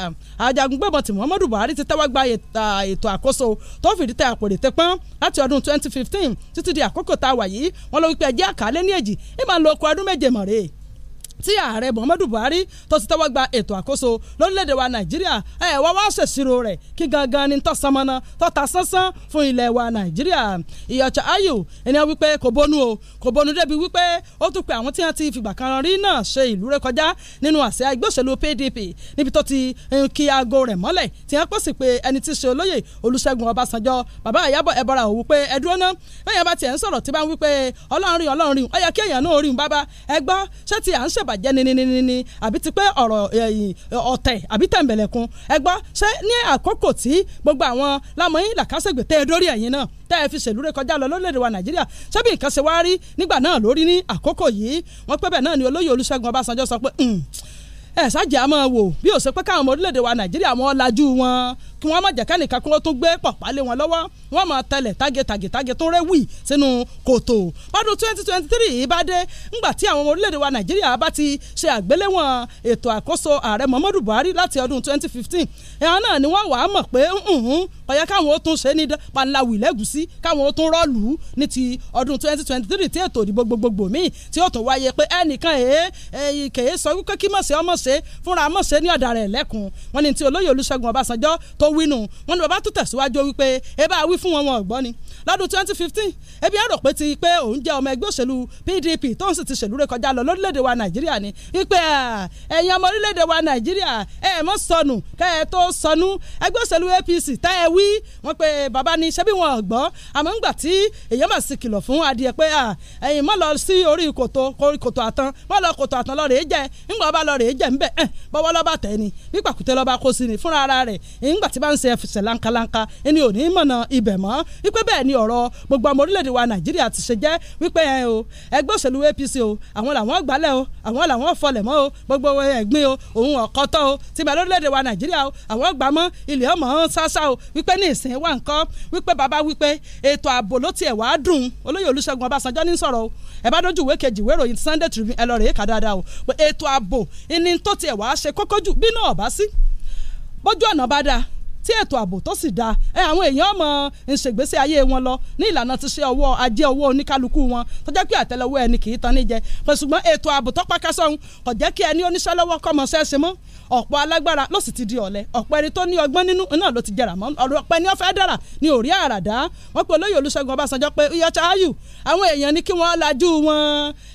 Speaker 1: ajagungbẹ̀mọ̀ tí muhammadu buhari ti tẹ́wọ́ gba ètò àkóso tó fìdí tẹ àpòrètépọ́n láti ọdún twenty fifteen títí di àkókò tá a wà yìí wọ́n lọ wípé jẹ́ àkálẹ́ ní èjì ẹ máa lo ọkọ̀ ọdún méje mọ̀rẹ́ tí ààrẹ muhammadu buhari tó ti tẹ́wọ́ gba ètò àkóso lórílẹ̀‐èdè wa nàìjíríà ẹ̀ wá wá ṣèṣirò rẹ̀ kí gangan ni tọ́sánmọ́ná tọ́ta sánsán fún ilẹ̀ wa nàìjíríà ìyọ̀chà ayù ènìyàn wípé kò bónú o kò bónú débi wípé ó tún pe àwọn tí wọ́n ti fìgbà kan rí náà ṣe ìlú rẹ̀ kọjá nínú àsíá ẹgbẹ́ òṣèlú pdp níbi tó ti kí aago rẹ̀ mọ́lẹ̀ tí wọ́n pèsè pé ẹni tí ṣe olóyè olúṣẹ́gun ọbásanjọ́ bàbá ìyábọ̀ ẹ̀bọ̀ra òwú pé ẹ̀dúró ná bẹ́ẹ̀ yẹn bá tiẹ̀ ń sọ̀rọ̀ tí bá ń wípé ọlọ́run ọlọ́run ó kí èèyàn náà bàjẹ́ níníníní àbí ti pé ọ̀rọ̀ ọ̀tẹ̀ àbí tẹ̀m̀bẹ̀lẹ̀kun ẹ gbọ́ ṣé ní àkókò tí gbogbo àwọn lámọ̀yìn làkàṣègbè tẹ́ ẹ dórí ẹ̀yìn náà tẹ́ ẹ fi ṣèlúre kọjá lọ lórílẹ̀‐èdè wa nàìjíríà ṣé bí nǹkan ṣe wá rí nígbà náà lórí ní àkókò yìí wọ́n pẹ́ bẹ́ẹ̀ náà ni olóyè olúṣẹ́gun ọbásanjọ́ sọ pé hmm, ẹ ṣáàjì àmọ́ wò bí ó ṣe pé káwọn ọmọ orílẹ̀-èdè wa nàìjíríà wọn lajú wọn kí wọ́n má jẹ́ kẹ́nìkan kí wọ́n tún gbé pọ̀pá lé wọn lọ́wọ́ wọ́n máa tẹlẹ̀ tágetàge táge tó rẹ́wì sínú kòtò ọdún twenty twenty three yìí bá dé ńgbà tí àwọn ọmọ orílẹ̀-èdè wa nàìjíríà bá ti ṣe àgbéléwọ̀n ètò àkóso ààrẹ muhammadu buhari láti ọdún twenty fifteen ẹ̀hán náà ni wọ́n wàá mọ̀ pé ọ̀yẹ́ káwọn ó tún ṣe ní panlawì lẹ́gùsí káwọn ó tún rọ́ọ̀lù ní ti ọdún twenty twenty three tí ètò mọ̀ṣẹ́ fúnra mọ̀ṣẹ́ ní ọ̀dà rẹ̀ lẹ́kùn wọn ni ti olóyè olúṣẹ́gun ọbásanjọ́ tó wínú wọn ni bàbá tó tẹ̀síwájú wípé ẹ bá wí fún wọn wọn ọ̀gbọ́n ni lọ́dún twenty fifteen ebi á pé ti pé òun jẹ́ ọmọ ẹgbẹ́ òṣèlú PDP tó ń sì ti ṣèlú rẹ̀ kọjá lọ lórílẹ̀‐èdè wa Nàìjíríà ni wípé ẹ̀yin ọmọ orílẹ̀‐èdè wa Nàìjíríà ẹ̀ mọ́ sọnù kẹ́ ẹ tó sọnù ẹgbẹ́ òṣèlú APC tá ẹ wí wọ́n pé bàbá ni ṣebí wọn ọ̀gbọ́ àmọ́ ńgbà tí èyàn mà sì kìlọ̀ fún adìẹ pé ẹ̀yin mọ́ lọ sí orí kòtò àtàn mọ́ lọ kòtò àtàn lọ rèé jẹ ń bẹ̀ ẹ̀ bọ́wọ́ lọ́ba ni pípàkùtẹ́ lọ́ba kó sí ni fúnra ara rẹ̀ ìgbà tí bá ń ṣe ẹ̀fẹ̀sẹ̀ lankalanka ẹni ò ní mọ̀nà ibẹ̀ mọ́ wípé bẹ́ẹ̀ ni ọ̀rọ̀ gbogbo ọmọ orílẹ̀-èdè wa nàìjíríà ti ṣe jẹ́ wípé ẹ o ẹgbẹ́ òṣèlú apc o àwọn làwọn gbalẹ̀ o àwọn làwọn fọlẹ̀ mọ́ o gbogbo ẹ̀gbin o òun ọ̀kọ́tọ́ o ti bẹ̀ lórílẹ̀-èdè wa nàìjíríà o àwọn gbà mọ́ ilé ọmọ ṣáṣá o wípé ní ìsìn wa nǹkan wípé bàbá wípé ètò ààbò ló tiẹ̀ wá dùn olóyè olúṣẹ́gun ọbásanjọ́ ní sọ̀rọ̀ o ẹ bá dójú ìwé kejì ìwé ìròyìn sunday tribune ẹ lọ rèé kà o ètò ààbò ní tó tiẹ̀ wá ṣe kókó jù bí náà bá sí bójú ọ̀nà bá dáa tí ètò ààbò tó sì dáa ẹ àwọn èèyàn mọ ìṣègbésí ayé wọn lọ ní ìlànà ti ṣe ọwọ́ ajé owó oníkálukú wọn tó jẹ́ pé àtẹ́lẹwọ́ ẹni kì í tan níjẹ pẹ̀sùgbọ́n ètò ààbò tó pàkásọ̀ kò jẹ́ kí ẹni oníṣẹ́ lọ́wọ́ kọ́mọṣẹ́ ṣe mọ́ ọ̀pọ̀ alágbára ló sì ti di ọ̀lẹ ọ̀pọ̀ ẹni tó ní ọgbọ́n nínú náà ló ti jẹrà mọ́ ọ̀rọ̀ ọ̀pẹ ni wọ́n fẹ́ dára ni ò rí àràdá wọ́n pe olóyè olúṣẹ́gun ọbásanjọ́ pé iyọ̀chá ayù àwọn èèyàn ní kí wọ́n lajú wọn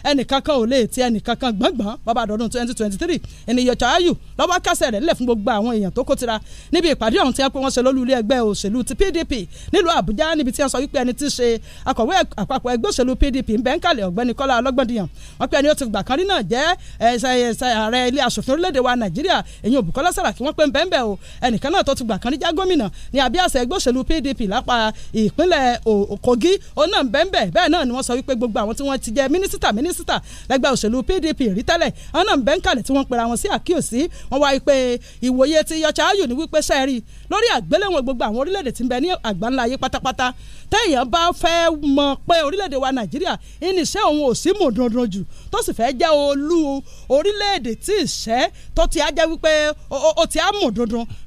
Speaker 1: ẹnìkankan ò lè ti ẹnìkankan gbọ̀ngbọ̀n bàbá àdọ́dún twenty twenty three ẹni iyọ̀chá ayù lọ́wọ́ kásẹ̀ rẹ̀ nílẹ̀ fún gbogbo àwọn èèyàn tó kó tira níbi ìpàdé ọ̀hún tí wọ́n pé wọ́n ṣe lólú ilé ẹgbẹ́ òṣèlú ti PDP nílùú àbújá níbi tí wọ́n sọ wípé ẹni tí ṣe akọ̀wé àpapọ̀ ẹgbẹ́ òṣèlú PDP ń bẹ́ ń kalẹ̀ ọ̀gbẹ́ni kọ́lá ọlọ́gbọ́ndìyàn wọ́n pe ẹni ó ti gbà kan rí náà jẹ́ eh, ààrẹ ilé asòfin orílẹ̀-èdè wa nàìjíríà nàìjíríà èyàn Bùkọ́lá Sàràkí wọ́n pé ń bẹ́ẹ̀ o ẹnìkan náà tó ti gbà kan níjà gómìnà ní abíàṣẹ ẹgbẹ́ òṣèlú PDP lápá ìpínlẹ̀ Kogi òun náà ń bẹ́ẹ̀ bẹ́ẹ̀ náà ni wọ́n sọ wípé gbogbo àwọn tí wọ́n ti jẹ́ mínísítà mínísítà lẹ́gbẹ́ òṣèlú PDP rí tẹ́lẹ̀ àwọn náà ń bẹ́ẹ̀ kalẹ̀ tí wọ́n pera wọn sí àkíyèsí wọ́n wá wípé ìwòye ti yọ̀chá ayò ní wípé sẹ́ẹ̀rì lórí àgbéléwọ̀n gbogbo àwọn orílẹ̀-èdè tí ń bẹ ní àgbáńlá ayé pátápátá téèyàn bá fẹ́ mọ̀ pé orílẹ̀-èdè wa nàìjíríà ìníṣẹ́ òun ò sí mọ̀ dandan jù tó sì fẹ́ jẹ́ olú orílẹ̀-èdè tí ìṣẹ́ tó ti ajẹ́ wípé o ti á mọ̀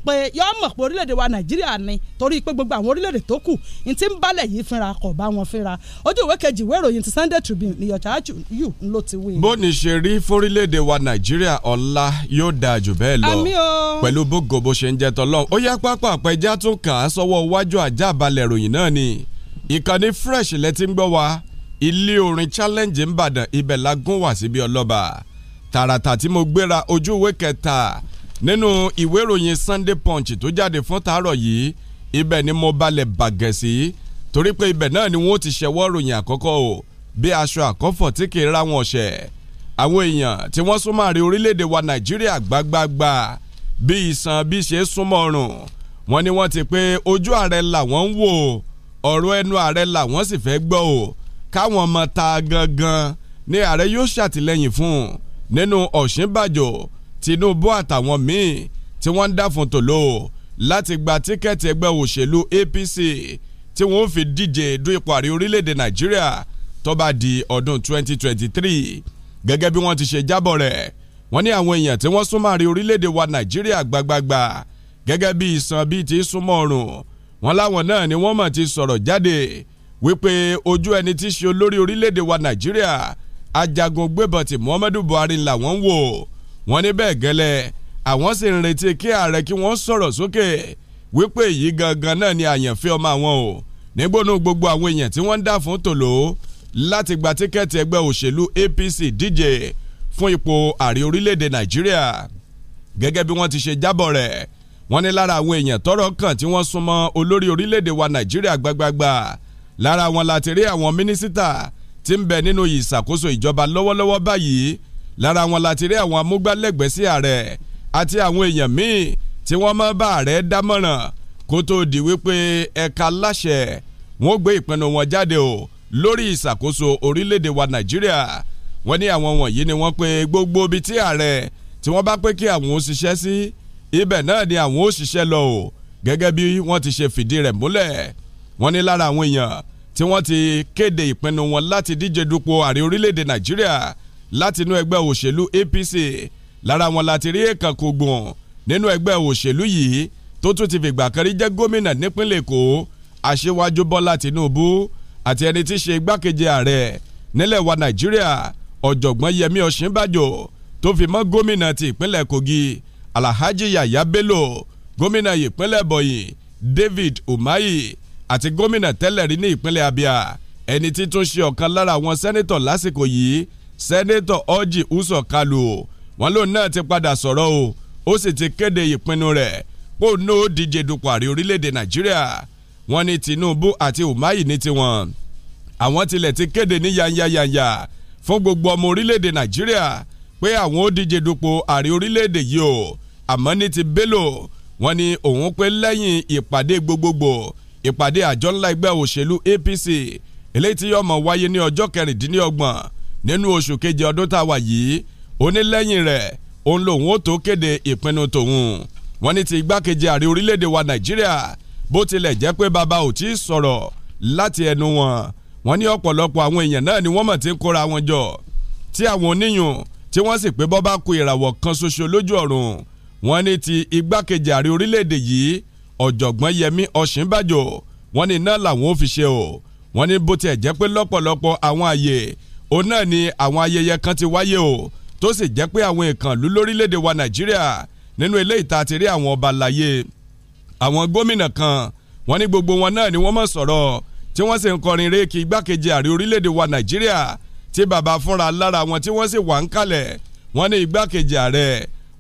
Speaker 1: pé yọ mọ̀ pé orílẹ̀-èdè wa nàìjíríà ni torí pé gbogbo àwọn orílẹ̀-èdè tó kù ní ti ń balẹ̀ yìí fínra kọ̀ bá wọn fínra ojú ìwé kejì ìwé ìròyìn ti Sunday Tribune ni yọ̀ọ̀ta yù ló ti wí. bó
Speaker 5: ní ṣe rí fórílẹ̀-èdè wa nàìjíríà ọ̀la yóò dáa jù bẹ́ẹ̀ lọ pẹ̀lú bógo bó ṣe ń jẹ tọ́lọ́ ó yá pápá àpẹjá tún kà á sọ́wọ́ iwájú àjá àbálẹ̀ ìròyìn fresh lẹ wa ilé challenge ń bàdàn ibẹ̀ la síbi ọlọ́ba tààràtà tí mo gbéra ojú ìwé kẹta nínú ìwé ìròyìn Sunday Punch tó jáde fún tàárọ̀ yìí ibẹ̀ ni mo balẹ̀ bàgẹ̀ sí torí pé ibẹ̀ náà ni wọ́n ti ṣẹwọ́ ròyìn àkọ́kọ́ o bí aṣọ àkọ́fọ̀ tí kì í ra wọn ṣẹ̀ àwọn èèyàn tí wọ́n súnmọ́ àrí orílẹ̀ wa Nàìjíríà gbágbágbá bí ìsàn bí ṣe súnmọ́ ọrùn wọn ni wọ́n ti pé ojú ààrẹ làwọn ń wò ọ̀rọ̀ ẹnu ààrẹ làwọn sì fẹ́ gbọ́ o káwọn mọ̀ ta gangan ni ààrẹ yóò ṣàtìlẹ́yìn fún un nínú ọ̀ṣínbàjò Tinubu àtàwọn míì tí wọ́n ń dáfun tòló láti gba tíkẹ́ẹ̀tì ẹgbẹ́ òṣèlú APC tí wọ́n fi díje du ipò àrí orílẹ̀-èdè Nàìjíríà tó di ọdún 2023 gẹ́gẹ́ bí wọ́n ti ṣe jábọ̀ rẹ̀ wọ́n ní àwọn èèyàn tí wọ́n súnmọ́ àrí orílẹ̀-èdè wa Nàìjíríà gbagbagba gẹ́gẹ́ bí ìsàn bíi ti súnmọ́ ọ̀run wọ́n láwọn náà ni wọ́n mọ̀ ti sọ̀rọ̀ jáde wípé ojú ẹni tí í ṣe olórí orílẹ̀-èdè wa Nàìjíríà ajagun gbébọn ti Muhammadu Buhari làwọn ń wò wọ́n ní bẹ́ẹ̀ gẹ́lẹ́ àwọn sì ń retí kí ààrẹ kí wọ́n sọ̀rọ̀ sókè wípé èyí gangan náà ni àyànfẹ́ ọmọ àwọn o nígbónú gbogbo àwọn èèyàn tí wọ́n ń dà fún tòló láti gba tíkẹ́ẹ̀tì ẹgbẹ́ òṣèlú APC díje fún ipò ààrẹ orílẹ̀-èdè Nàìjíríà gẹ́gẹ́ bí wọ́n ti ṣe jábọ̀ rẹ̀ wọ́n ní lára àwọn èèyàn tọ́rọ̀ kàn tí wọ́n súnmọ́ olórí orílẹ̀-èdè wa Nàìjíríà gbagbagba lára wọn láti rí àwọn mínísítà tí ń bẹ nínú ìṣàkóso ìjọba lọ́wọ́lọ́wọ́ báyìí lára wọn láti rí àwọn amúgbálẹ́gbẹ̀ẹ́ sí ààrẹ àti àwọn èèyàn míì tí wọ́n máa bá ààrẹ dámọ̀ràn kó tó di wípé ẹ̀ka láṣẹ wọn gbé ìpinnu wọn jáde o lórí ìṣàkóso orílẹ̀-èdè wa nàìjíríà wọ́n ní àwọn wọ̀nyí ni wọ́n pe gbogbo ibi tí ààrẹ tí wọ́n bá pé kí àwọn ó ṣiṣẹ́ sí ibẹ̀ náà ni àwọn ó ṣiṣẹ́ lọ o gẹ́gẹ́ bí wọ́n ti ṣe fìdí rẹ̀ múlẹ̀ wọ́n ní lára àwọn èèyàn tí wọ́n ti kéde ìpinnu wọn láti díje dupò ààrẹ orílẹ̀-èdè nàìjíríà látinú ẹgbẹ́ òṣèlú APC lára wọn láti rí èèkàn kogbòn nínú ẹgbẹ́ òṣèlú yìí tó tún ti fìgbà kan rí jẹ́ gómìnà nípínlẹ̀ èkó aṣíwájú bọ́lá tinubu àti ẹni tí í ṣe igbákejì ààrẹ nílẹ̀ wa nàìjíríà ọ̀jọ̀gbọ́n yẹmi ọ̀ṣínbàjò tó fi mọ́ gómìnà ti ìpínlẹ̀ kogi alhaji yaya bello gómìnà ìpínlẹ̀ bọ̀yìn david umahi àti gómìnà tẹ́lẹ̀ rí ní ìpínlẹ̀ Abia ẹni tí tún ṣe ọ̀kan lára àwọn sẹ́nẹ́tọ̀ lásìkò yìí sẹ́nẹ́tọ̀ Orji Usoh Kalu wọn lòun náà ti padà sọ̀rọ̀ o ó sì ti kéde ìpinnu rẹ̀ pò ní ó díje dupò ààrẹ orílẹ̀-èdè Nàìjíríà wọn ní Tinubu àti Umahi ní tiwọn àwọn tilẹ̀ ti kéde ní yanyayanya fún gbogbo ọmọ orílẹ̀-èdè Nàìjíríà pé àwọn ó díje dupò ààrẹ orílẹ̀-èdè yìí o àmọ́ ní ti Bello wọn ní òun pé lẹ́yìn ìpàdé gbogbogbò ìpàdé àjọ ńlá ẹgbẹ́ òṣèlú APC eléyìí tí yọmọ wáyé ní ọjọ́ kẹrìndínlọ́gbọ̀n nínú oṣù keje ọdún tá a wà yìí onílẹ́yìn rẹ̀ òun lòun ó tó kéde ìpinnu tòun wọ́n ní ti igbákejì ààrẹ orílẹ̀-èdè wa Nàìjíríà bó tilẹ̀ jẹ́ pé bàbá ò tí ì sọ̀rọ̀ láti ẹnu wọn wọ́n ní ọ̀pọ̀lọpọ̀ àwọn èèyàn náà ni wọ́n mọ̀ tí ń kóra wọn jọ tí àwọn oníyùn tí wọ́n sì pé bọ́ bá ku ìràwọ̀ kan ṣoṣo lójú ọ̀run wọ́n ní ti igbákejì ààrẹ orílẹ̀-èdè yìí ọ̀jọ̀gbọ́n yẹmí ọ̀ṣínbàjò wọ́n ní iná làwọn ò fi ṣe o wọ́n ní bó tiẹ̀ jẹ́ pé lọ́pọ̀lọpọ̀ àwọn àyè òun náà ni àwọn ayẹyẹ kan ti wáyé o tó sì jẹ́ pé àwọn ìkànnì lórílẹ̀‐èdè wa nàìjíríà nínú eléyìí tá a ti rí àwọn ọba láyé àwọn gómìnà kan wọ́n ní gbogbo wọn náà ni wọ́n mọ̀ sọ̀rọ̀ tí wọ́n sì ń kọrin réèkì igbákejì ààrẹ orílẹ̀‐èdè wa nàìjíríà tí bàbá fúnra lára wọn tí wọ́n sì wà ń kalẹ̀ wọ́n ní igbákejì ààrẹ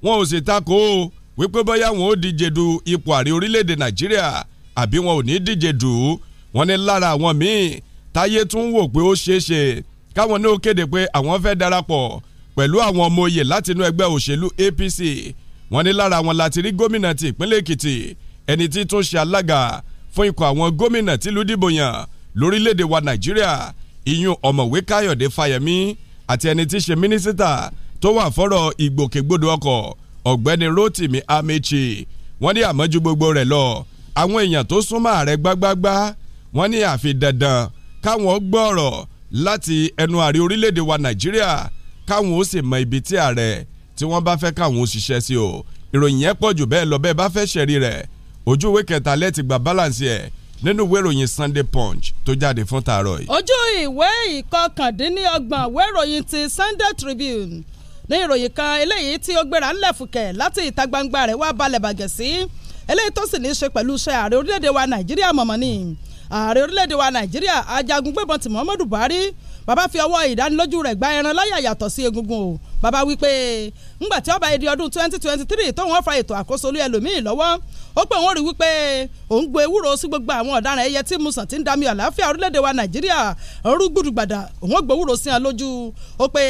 Speaker 5: wọn ò sì takò ó wípé bóyá wọn ò díje du ipò ààrẹ orílẹ̀-èdè nàìjíríà àbí wọn ò ní díje dù ú wọn ní lára àwọn míì táyé tún wò pé ó ṣeé ṣe káwọn ní ó kéde pé àwọn fẹ́ darapọ̀ pẹ̀lú àwọn ọmọ oyè látinú ẹgbẹ́ òṣèlú APC wọn ní lára wọn láti rí gómìnà ti ìpínlẹ̀ Èkìtì ẹni tí tún ṣe alága fún ikọ̀ àwọn gómìnà tìlú dìbò yàn lórílẹ̀‐èdè wa Nàìjíríà ìyún ọ̀mọ̀wé Káyọ̀dé Fáyẹ̀mí àti ẹni tí ṣe mínísítà tó wà fọ́rọ̀ ìgbòkègbodò ọkọ̀ ọ̀gbẹ́ni Rotimi Amechi wọ́n ní àmọ́jú gbogbo rẹ̀ lọ àwọn èèyàn tó súnmọ́ ààrẹ gbágbágbá wọ́n ní àfi dandan káwọn gbọ́ láti ẹnu ààrẹ orílẹ̀-èdè wa Nàìjíríà káwọn ó sì mọ ibi tí ààrẹ tí wọ́n bá fẹ́ káwọn ó ṣiṣẹ́ sí o ìròyìn yẹn pọ̀ jù bẹ́ẹ̀ lọ bẹ́ẹ̀ bá fẹ́ ṣẹ̀rí rẹ̀ ojú ìwé kẹta lẹ́ẹ̀tì gba balance ẹ̀ nínú ìwé ìròyìn Sunday Punch tó jáde fún tàárọ̀ yìí.
Speaker 1: ojú ìwé ìkọkàndínlọ́gbọ̀n ìwé ìròyìn ti Sunday Tribune ní ìròyìn kan eléyìí tí ó gbéra ńlẹ̀fùkẹ̀ láti ìta gbangba rẹ̀ wá balẹ̀ bàgẹ̀ sí eléyìí tó sì ní í ṣe pẹ̀lú iṣẹ́ ààrẹ orílẹ̀-èdè wa nàìjíríà mọ̀mọ́ ni ààrẹ orílẹ̀-èdè wa nàìjíríà ajagun gbébọn tí muhammadu buhari bàbá fi ọwọ́ ìdánilójú rẹ̀ gba ẹran láyà yàtọ̀ sí egungun o bàbá wípé ńgbà ọba èdè ọdún twenty twenty three tóun ọ̀fà ètò àkóso olú ẹlòmíì lọ́wọ́ ó pé òun rí wípé òun gbé ewúro sí gbogbo àwọn ọ̀daràn ẹyẹ tí musan ti ń dami àlàáfíà orílẹ̀-èdè wa nàìjíríà rúgbùdùgbàdà òun gbé ewúro sí wọn lójú ó pé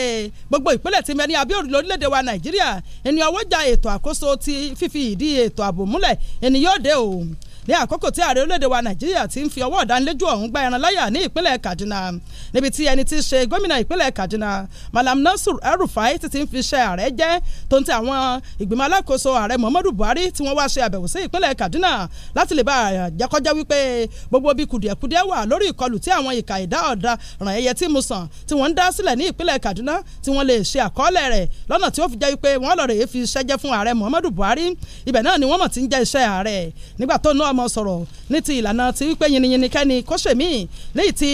Speaker 1: gbogbo ìpínlẹ̀ tí mẹ́ni abíòrì lórílẹ̀-èdè wa nàìjíríà ènìyàn wọ́jà ètò àkóso ti fífi ìdí ètò ààbò múlẹ̀ ènìyàn òde òun ní àkókò tí ààrẹ orílẹ̀-èdè wa nàìjíríà ti ń fi ọwọ́ ọ̀dánilójú ọ̀hún gba ẹran láyà ní ìpínlẹ̀ kaduna níbi tí ẹni tí ṣe gómìnà ìpínlẹ̀ kaduna malam nasir el-rufai ti ti ń fi ṣe ààrẹ jẹ́ tó ń ti àwọn ìgbìmọ̀ alákòóso ààrẹ muhammadu buhari tí wọ́n wá ṣe àbẹ̀wò sí ìpínlẹ̀ kaduna láti lè bá àjẹkọjá wípé gbogbo bí kùdìẹ̀kudiẹ wà lórí ìkọlù tí àwọn ìka ìdá ọ̀dà ràn ẹyẹ tí mo sàn tí wọ́n ń dá sílẹ̀ ní ìpínlẹ̀ kaduna tí wọ́n lè ṣe àkọọ́lẹ̀ rẹ̀ lọ́nà tí ó fi jẹ́ wípé wọ́n lọ́ọ́ ọmọ sọ̀rọ̀ ní ti ìlànà ti wípé yìnyínní kẹ́ni kó ṣe mí léyìí ti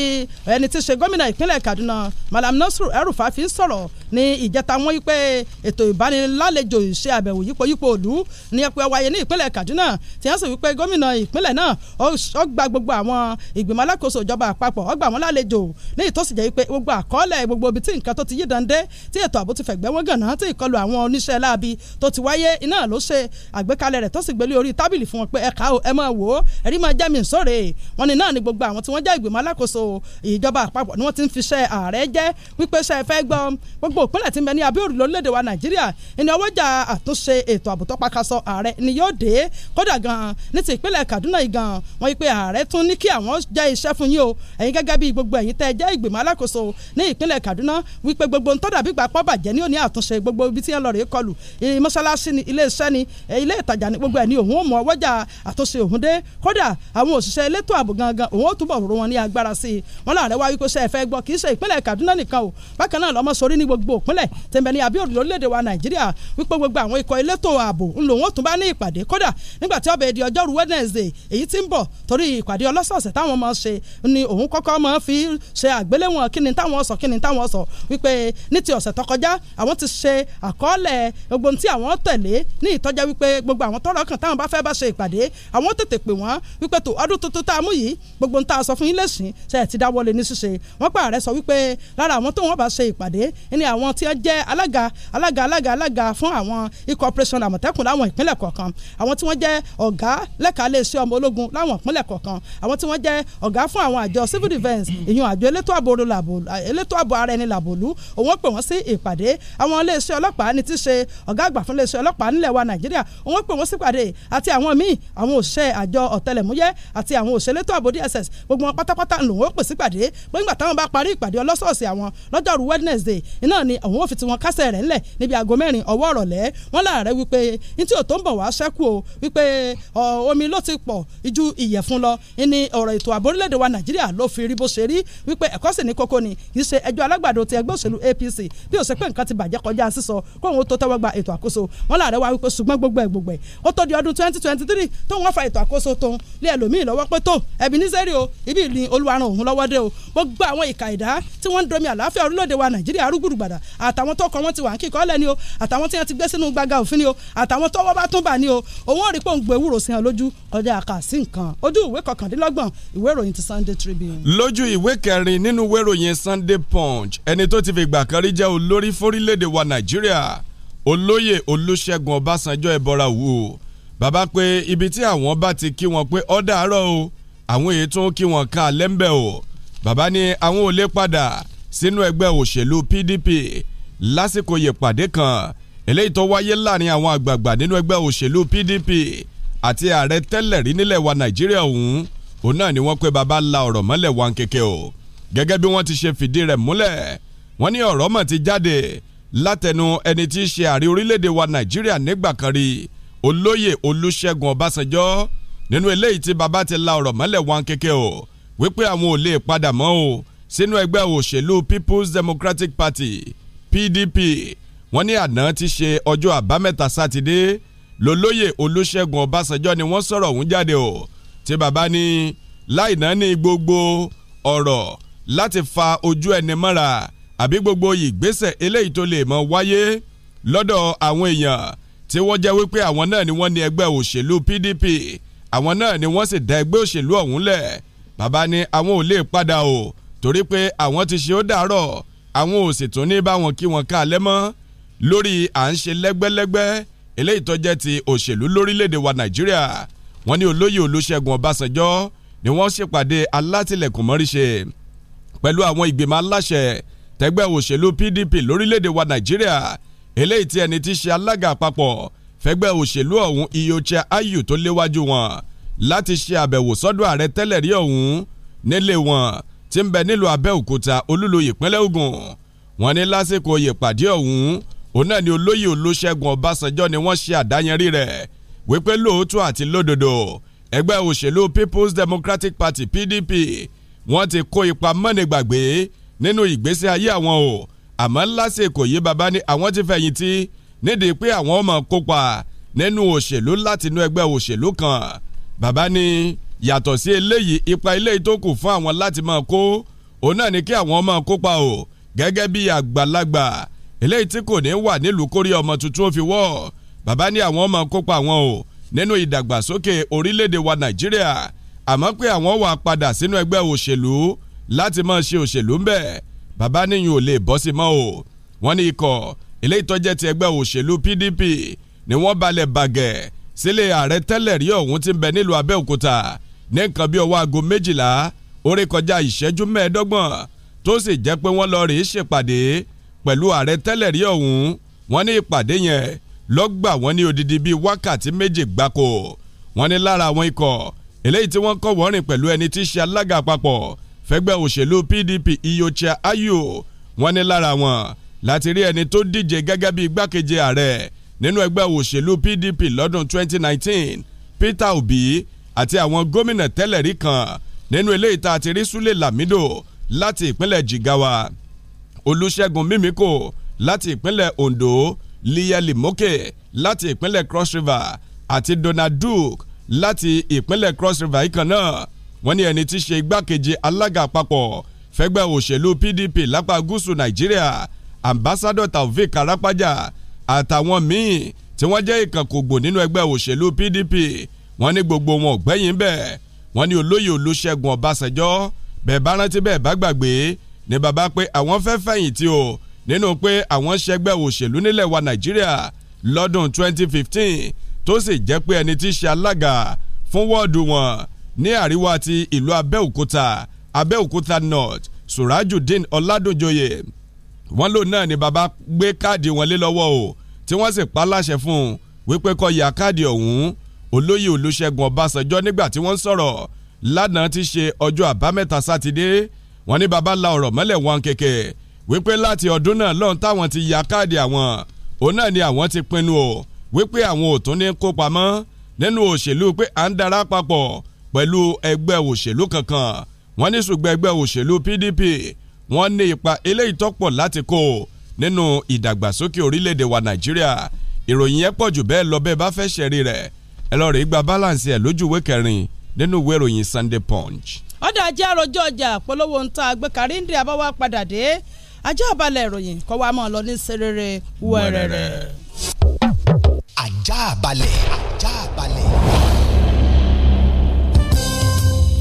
Speaker 1: ẹni tí ṣe gómìnà ìpínlẹ̀ Kaduna Malam Nasiru El-Rufai fi ń sọ̀rọ̀ ní ìjẹta wọn yí pé ètò ìbánilálejò ìṣe àbẹ̀wò yípo yípo òlú ní ẹ̀pẹ́ wáyé ní ìpínlẹ̀ Kaduna tí wọ́n sì wí pé gómìnà ìpínlẹ̀ náà ó gba gbogbo àwọn ìgbìmọ̀ alákòóso ìjọba àpapọ̀ ó gbà wọ́n lálejò ní ìtòsí jẹ́ pé gbogbo àkọọ́lẹ̀ gbogbo ibi tí nǹkan tó ti yí dandé tí ètò ààbò ti fẹ̀gbẹ́ wọn gànà tí ìkọlù àwọn oníṣẹ́ láabi tó ti wáyé iná ló ṣe àgbékalẹ̀ rẹ̀ tó sì gbélé orí tábìlì fún wọn pé ẹ̀ka o ẹ máa wò ó ẹ̀rí máa jẹ́ mi sóre wọn ni náà ni gbogbo àwọn tí wọ́n jẹ́ ìgbìmọ̀ alákòóso ìjọba àpapọ̀ ni wọ́n ti ń fiṣẹ́ ààrẹ jẹ́ wípé ṣe fẹ́ gbọ́ gbogbo gbogbo ìpínlẹ̀ tí ń bẹ ní èdè wa nàìjíríà ìní ọwọ́jà àtúnṣe ètò ààbò pakasọ ààrẹ ni yóò dé kódà gan ní ti ìpínlẹ̀ kaduna yìí gan wọ́n yí pé ààrẹ tún ní kí àwọn jẹ́ iṣẹ́ fún yín o ẹ̀yin gẹ́gẹ́ bí gbogbo ẹ̀yin tẹ́ jẹ́ ìgbìmọ̀ alákòóso ní ìpínlẹ̀ kaduna wípé gbogbo ń tọ́dà bí gbapọ́ bàjẹ́ ní òní àtúnṣe gbogbo gbogbo òpínlẹ̀ tẹ̀m̀bẹ̀ ní abíòdì lórílẹ̀‐èdè wa nàìjíríà wípé gbogbo àwọn ikọ̀ elétò ààbò ń lò wọ́n tún bá ní ìpàdé kódà nígbà tí ọbẹ̀ di ọjọ́rú wednesday èyí tí ń bọ̀ torí ìpàdé ọlọ́sọ̀ọ̀sẹ̀ táwọn máa ṣe ni òun kọ́kọ́ máa fi ṣe àgbéléwọ̀n kíni táwọn sọ kíni táwọn sọ wípé ní ti ọ̀sẹ̀ tó àwọn ti ṣe àkọọ́lẹ̀ gbogbo tí àwọn tẹ̀lé ní ìtọ́já wípé gbogbo àwọn tọ́rọ̀ kan táwọn bá fẹ́ bá ṣe ìpàdé àwọn tètè pè wọ́n wípé tó ọdún tuntun tá a mú yìí gbogbo tá a sọ fún yín lẹ́sìn ṣe ti dáwọ́lé ní ṣíṣe wọ́n pààrẹ sọ wípé lára àwọn tó wọ́n bá ṣe ìpàdé ní àwọn àwọn tí ó jẹ́ alága alága alága alága fún àwọn ikọ̀ operation àmọ̀tẹ́kùn láwọn ìpínlẹ̀ kọ̀ọ̀kan àwọn tí wọ́n jẹ́ ọ̀gá lẹ́ka iléeṣẹ́ ọmọ ológun láwọn ìpínlẹ̀ kọ̀ọ̀kan àwọn tí wọ́n jẹ́ ọ̀gá fún àwọn àjọ civil defence ìyún àjọ elétò ààbò elétò ààbò ara ẹni làbòlú òun pè wọ́n sí ìpàdé àwọn iléeṣẹ́ ọlọ́pàá ní ti ṣe ọ̀gá àgbà fún iléeṣẹ́ ọlọ́pàá nílẹ̀ wa nàìjíríà òun pè wọ́n sí ìpàdé àti àwọn míì àwọn òṣìṣẹ́ àjọ ọ̀tẹlẹ̀múyẹ́ àti àwọn òṣèlè tó àbò DSS gbogbo wọn pátápátá lòun ó pè sípàdé pé ńgbà táwọn bá parí ìpàdé ọlọ́sọ̀ọ̀sẹ̀ àwọn lọ́jọ́rú Wednesday iná ni àwọn òfin tí wọ́n kásẹ̀ rẹ̀ ńlẹ̀ níbi aago mẹ́rin ọwọ́ ọ̀rọ̀lẹ́ wọ́n láàrẹ̀ wípé ntí ò tó ń bọ̀ wá ṣẹ́kù o wípé omi ló ti pọ̀ ju ìyẹ̀fun lọ ní ọ̀rọ̀ ètò ààbò orílẹ̀-èdè wa Nàìjíríà ló fi rí bó ṣe rí wípé ẹ̀kọ́ sì ní kókó ni kì í ṣe ẹjọ́ alágbàdo ti ẹgbẹ́ òṣèlú APC bí ó ṣe pé nǹkan ti bàjẹ́ kọjá sísọ kóhun tó tẹ́wọ́ gba ètò àkóso wọn láàrẹ̀ wá wípé ṣùgbọ́n gbogbo ẹ̀ gbogbo ẹ̀ ó tó di ọdún twenty twenty three tóun wọ́n fa ètò àkóso tóun lé ẹlòmíì lọ́wọ́ pé tó ẹ̀bí nísẹ́rì o àtàwọn tó kọ wọn ti wà ń kíkọ́ lẹ́ni o àtàwọn tí wọ́n ti gbé sínú gbàgà òfin ni o àtàwọn tọ́wọ́ bá tún bà ní o òun ò rí pé òun gbé wúrò sí hàn lójú kọjá àká sí nǹkan ojú ìwé kọkàndínlọ́gbọ̀n ìwé ìròyìn ti Sunday Tribune.
Speaker 5: lójú ìwé kẹrin nínú ìwé ìròyìn Sunday Punch ẹni tó ti fi ìgbà kan rí jẹ́ olórí fórílẹ̀-èdè wa Nàìjíríà olóyè Olúṣẹ́gun Ọbásanjọ́ ẹ̀bọra wù ú bàbá pé ibi tí àwọn bá ti kí wọn pé ọ́ dàárọ̀ o àwọn èyí tún kí wọn kan alẹ́ o bàbá ní àwọn ò lè padà sínú ẹgbẹ́ òṣèlú PDP lásìkò yèpàdé kan eléyìí tó wáyé láàrin àwọn àgbààgbà nínú ẹgbẹ́ òṣèlú PDP àti ààrẹ tẹ́lẹ̀ rí nílẹ̀ wa Nàìjíríà ọ̀hún òun náà ni wọ́n pe baba la ọ̀rọ̀ mọ́lẹ̀ wọn kéke o gẹ́gẹ́ bí wọ́n ti ṣe fìdí rẹ̀ múlẹ̀ wọ́n ní ọ̀rọ̀ mọ̀ ti jáde látẹnu ẹni tí í ṣe ààrẹ orílẹ̀-èdè wa Nàìjíríà nígbà kan rí olóyè Olúṣẹ́gun Ọbásanjọ́ nínú eléyìí tí baba ti la ọ̀rọ̀ mọ́lẹ̀ wọn kéke o wípé àwọn ò lè padà mọ́ o sínú ẹgbẹ́ òṣèlú People's Democratic Party PDP wọ́n ní àná ti ṣe ọjọ́ àbámẹ́ta sátidé lólóyè Olúṣẹ́gun Ọbásanjọ́ ni wọ́n sọ̀rọ̀ ọ̀hún jáde o tí bàbá ní láìná ní gbogbo ọ̀rọ̀ láti fa ojú ẹni mọ́ra àbí gbogbo ìgbésẹ̀ eléyìí tó lè mọ́ wáyé lọ́dọ̀ àwọn èèyàn tí wọ́n jẹ́ wípé àwọn náà ni wọ́n ní ẹgbẹ́ òṣèlú PDP àwọn náà ni wọ́n sì dá ẹgbẹ́ òṣèlú ọ̀hún lẹ̀ bàbá ní àwọn ò lè padà o torí pé àwọn ti ṣe ó dàárọ̀ àwọn ò sì tún ní bá wọn kí wọn ká alẹ́ mọ́ lórí à ń ṣe lẹ́gbẹ́lẹ́gbẹ́ eléyìí tó jẹ́ ti òṣèlú lórílẹ̀‐èdè wa Nàìjíríà wọ́n ní olóyè Olúṣẹ́gun Ọbásanjọ́ ni wọ́n ṣèpàdé alátìlẹ̀kùn mọ́ríṣe pẹ̀lú àwọn ìgbìmọ̀ aláṣẹ tẹgbẹ́ òṣèlú PDP lórílẹ̀‐èdè wa Nàìjíríà eléyìí tí ẹni tí ṣe alága àpapọ̀ fẹ́gbẹ́ òṣèlú ọ̀hún iyocha ayu tó léwájú wọn láti ṣe àbẹ̀wò sọ́dọ̀ ààrẹ tẹ́lẹ̀ rí ọ̀hún nílé wọn tí ń bẹ nílùú Abẹ́òkúta olúlóyè ìpínlẹ̀ Ògùn wọ́n ní lásìkò ìpàdé ọ̀hún òun náà ni olóyè Olúṣẹ́gun Ọbásanjọ́ ni wọ́n ṣe àdáyẹnrí rẹ̀ wípé lóòótọ́ àti lódodo ẹgbẹ́ òṣèlú People's Democratic Party PDP wọ́n ti kó ipa mọ́nìgbàgbé nínú ìgbésí ayé àwọn o àmọ́ lásìkò yìí baba ni àwọn ti fẹ̀yìntì nídìí pé àwọn ọmọ kópa nínú òṣèlú látinú ẹgbẹ́ òṣèlú kan baba ni yàtọ̀ sí eléyìí ipa eléyìí tó kù fún àwọn láti máa kó òun náà ni kí àwọn máa kópa o gẹ́gẹ́ bí àgbàlagbà eléyìí tí kò ní wà nílùú kórí ọmọ tuntun fi wọ́ bàbá ní àwọn máa kópa wọn o nínú ìdàgbàsókè orílẹ̀-èdè wa nàìjíríà àmọ́ pé àwọn wà padà sínú ẹgbẹ́ òṣèlú láti máa ṣe òṣèlú ń bẹ̀ bàbá níyìn ò lè bọ́ sí mọ́ o wọ́n ní ikọ̀ eléyìí tó ti ẹgbẹ́ òṣèlú PDP ni wọ́n balẹ̀ bàgẹ́ sílé ààrẹ tẹ́lẹ̀ rí ọ̀hún ti bẹ nílùú Abẹ́òkúta ní nǹkan bí ọwọ́ aago méjìlá ó rékọjá ìṣẹ́jú mẹ́ẹ̀ẹ́dọ́gbọ̀n tó sì jẹ́ pé wọ́n lọ rèé ṣèpàdé pẹ̀lú ààrẹ tẹ́lẹ̀ rí ọ̀hún wọ́n ní ìpàdé yẹn ló gbà wọ́n ní odidi bíi wákàtí méje gbáko wọ́n ní lára àwọn ikọ̀ eléyìí tí wọ́n kọ́ wọ́rìn pẹ̀lú ẹni tí í ṣe alága àpapọ̀ fẹ́gbẹ́ òṣèlú PDP iyochia ayu wọ́n ní lára wọn láti rí ẹni tó díje gẹ́gẹ́ bíi igbákejì ààrẹ nínú ẹgbẹ́ òṣèlú PDP lọ́dún 2019 Peter Obi àti àwọn gómìnà tẹ́lẹ̀ rí kan nínú eléyìí tá a ti rí Súlè Lamido láti ìpínlẹ̀ Jigawa Olúṣẹ́gun Mímíkò láti ìpínlẹ̀ Ondo Liyeli Moke láti ìpínlẹ̀ Cross River àti Donald Duke láti ìpínlẹ̀ Cross River yìí kan náà wọ́n ní ẹni tí í ṣe igbákejì alága àpapọ̀ fẹ́gbẹ́ òṣèlú PDP lápá gúúsù Nàìjíríà ambassador Taofik Arapaja àtàwọn míì tí wọ́n jẹ́ ìkànkògbò nínú ẹgbẹ́ òṣèlú PDP wọ́n ní gbogbo wọn ò gbẹ́yìn bẹ́ẹ̀ wọ́n ní olóyè olúṣẹ́gun ọbásanjọ́ bẹ́ẹ̀ bá rántí bẹ́ẹ̀ bá gbàgbé ní bàbá pé àwọn fẹ́ fẹ̀yìntì o nínú pé àwọn ṣẹgbẹ́ òṣèlú nílẹ̀ wa nàìjíríà lọ́dún 2015 tó sì jẹ́ pé ẹni tí í ṣe alága fún wọ́ọ̀dù wọn ní àríwá ti ìlú abẹ́òkúta abẹ́òkúta north surajudeen ọládúnjọyè wọ́n lò náà ni bàbá gbé káàdì wọn lé lọ́wọ́ o tí wọ́n sì pa láṣẹ fún un wípé kó ya káàdì ọ̀hún olóyè olúṣẹ́gun ọbásanjọ́ nígbà tí wọ́n ń sọ̀rọ̀ lánàá ti ṣe ọjọ́ àbámẹ́ta sátidé wọ́n ní baba la ọ̀rọ̀ mọ́lẹ̀ wọn kẹ̀kẹ́ wípé láti ọdún náà lọ́n táwọn ti ya káàdì àwọn òun náà ni àwọn ti pinnu o wípé àwọn ò tún ní kópa mọ́ nínú òṣèlú pé à ń dara papọ̀ pẹ̀lú ẹgbẹ́ òṣèlú kankan wọ́n ní ṣùgbọ́n ẹgbẹ́ òṣèlú PDP wọ́n ní ipa eléyìí tọ́pọ̀ láti kó nínú ìdàgbàsókè orílẹ̀-èdè wa Nàìjíríà ìròyìn yẹn pọ̀ jù bẹ́ẹ̀ lọ bẹ́ẹ̀ bá fẹ́ ṣẹ̀rí rẹ̀ ẹ lọ rèé gba balance ẹ lójú ìwé kẹrin nínú ìwé ìròyìn Sunday Punch.
Speaker 1: ọ̀dà ajẹ́ àròjọ ọjà polówó ń ta àgbẹ̀ kàríndì àbáwá padà dé ajá àbálẹ̀ ìròyìn kọ́ wa mọ̀ lọ ní serere wẹ́rẹ́rẹ́. ajá
Speaker 4: àbálẹ̀ ajá àbálẹ̀.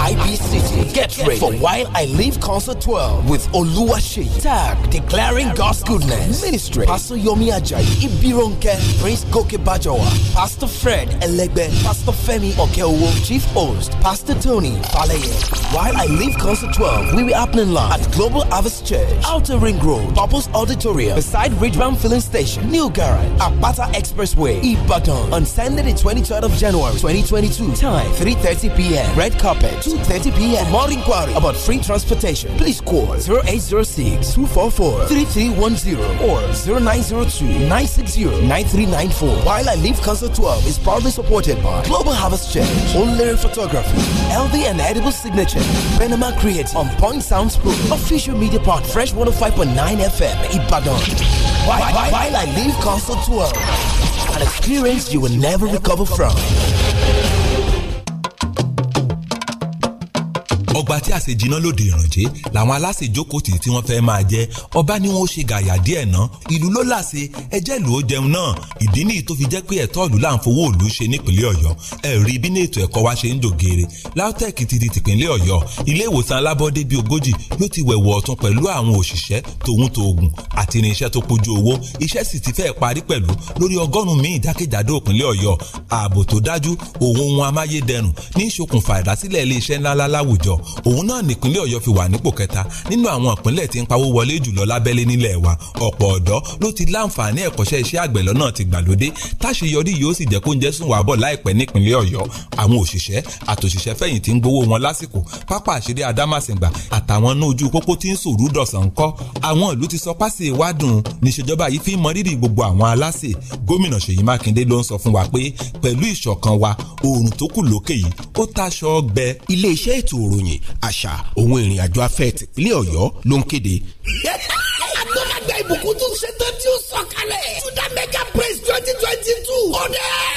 Speaker 6: IBC. Get ready for While I Live Concert 12 with Oluwaseyi. Tag, Declaring God's Goodness. Ministry, Pastor Yomi Ajayi, Ibironke, Prince Goke Bajawa, Pastor Fred Elegbe, Pastor Femi Okeowo, Chief Host, Pastor Tony Faleye. While I Live Concert 12 will be happening live at Global Harvest Church, Outer Ring Road, Purpose Auditorium, beside Ridgebound Filling Station, New Garage, Apata Expressway, Ibadan, on Sunday the 23rd of January 2022. Time 3.30 p.m. Red Carpet, 2.30 p.m. For more inquiry about free transportation, please call 0806-244-3310 or 0902-960-9394. While I Live Council 12 is proudly supported by Global Harvest Church, Online Photography, LV and Edible Signature, Panama Creative, On Point Sounds Pro, Official Media Part, Fresh 105.9 FM, Ibadan. While, while I Live Council 12,
Speaker 7: an experience you will never recover from. gbogbo àti àṣejiná lòdì ìrànjẹ làwọn aláṣejókòó tí wọ́n fẹ́ máa jẹ ọba ni wọ́n ó ṣe gàyà díẹ̀ ná ìlú ló láṣẹ ẹjẹ́ ìlú ó jẹun náà ìdí nìyí tó fi jẹ́ pé ẹ̀tọ́ ìlú là ń fowó ìlú ṣe nípínlẹ̀ Ọ̀yọ́ ẹ̀rí bí ní ètò ẹ̀kọ́ wa ṣe ń dògèrè LAUTECH ti di tìpínlẹ̀ Ọ̀yọ́ ilé ìwòsàn alábọ́dé bíi ogójì ló ti wẹ̀wọ̀ ọ̀tún pẹ̀lú àwọn òṣìṣẹ́ tòun tó pójú òun náà nìpínlẹ̀ ọ̀yọ́ fi wà nípò kẹta nínú àwọn ìpínlẹ̀ tí ń pawó wọlé jùlọ lábẹ́lé nílẹ̀ wa ọ̀pọ̀ ọ̀dọ́ ló ti láǹfààní ẹ̀kọ́ṣẹ́ iṣẹ́ àgbẹ̀ lọ́nà ti gbàlódé táṣeyọrí yóò sì jẹ́ kó ń jẹ́ sùn wàbọ̀ láìpẹ́ nípínlẹ̀ ọ̀yọ́ àwọn òṣìṣẹ́ àtòṣìṣẹ́ fẹ̀yìntì ń gbowó wọn lásìkò pápá àṣírí adámàsìngbà àtàwọn inú ojú pópó tí ń sòrú dọ̀sán kọ́ àwọn ìlú ti sọ pásì ìwádùn níṣèjọba yìí fi ń mọrírì gbogbo àwọn aláṣẹ gómìnà Ṣèyí Mákindé ló ń sọ fún wa pé pẹ̀lú ìṣọ̀kan wa oòrùn tó kù lókè yìí ó taṣọ ọgbẹ. iléeṣẹ́ ètò òròyìn àṣà òun ìrìn àjò afẹ́ tìpínlẹ̀ ọ̀yọ́ ló ń kéde.
Speaker 2: agbọ́dọ̀ ìbùkún tún ṣetán tí ó sọ̀kalẹ̀ judah mega praise twenty twenty two ọ̀dẹ́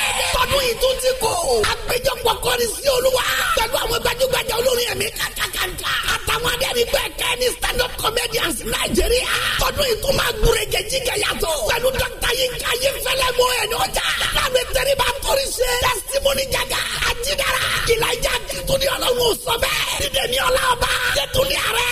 Speaker 2: ọdún yìí tún ti kò. àpéjọpọ̀ kọrin sí olúwa. pẹ̀lú àwọn gbajúgbajà olórin ẹ̀mí kàkàkàkà. àtàwọn adẹ́rìn bẹ́ẹ̀ kẹ́ ní stand up comedians nàìjíríà. ọdún yìí tún máa gbúre jẹjí kẹyàtọ̀. pẹ̀lú dọ́kítà yìí ká yé fẹ́lẹ́ mọ ẹni ọjà. láàmì tẹ̀rí bá kọrin ṣe. testimony jaga àtidara. ìlàjà kìtùnì ọlọ́run sọ bẹ́ẹ̀. dídèmí ọlọ́ọ̀bá. jẹ́tùnì ààrẹ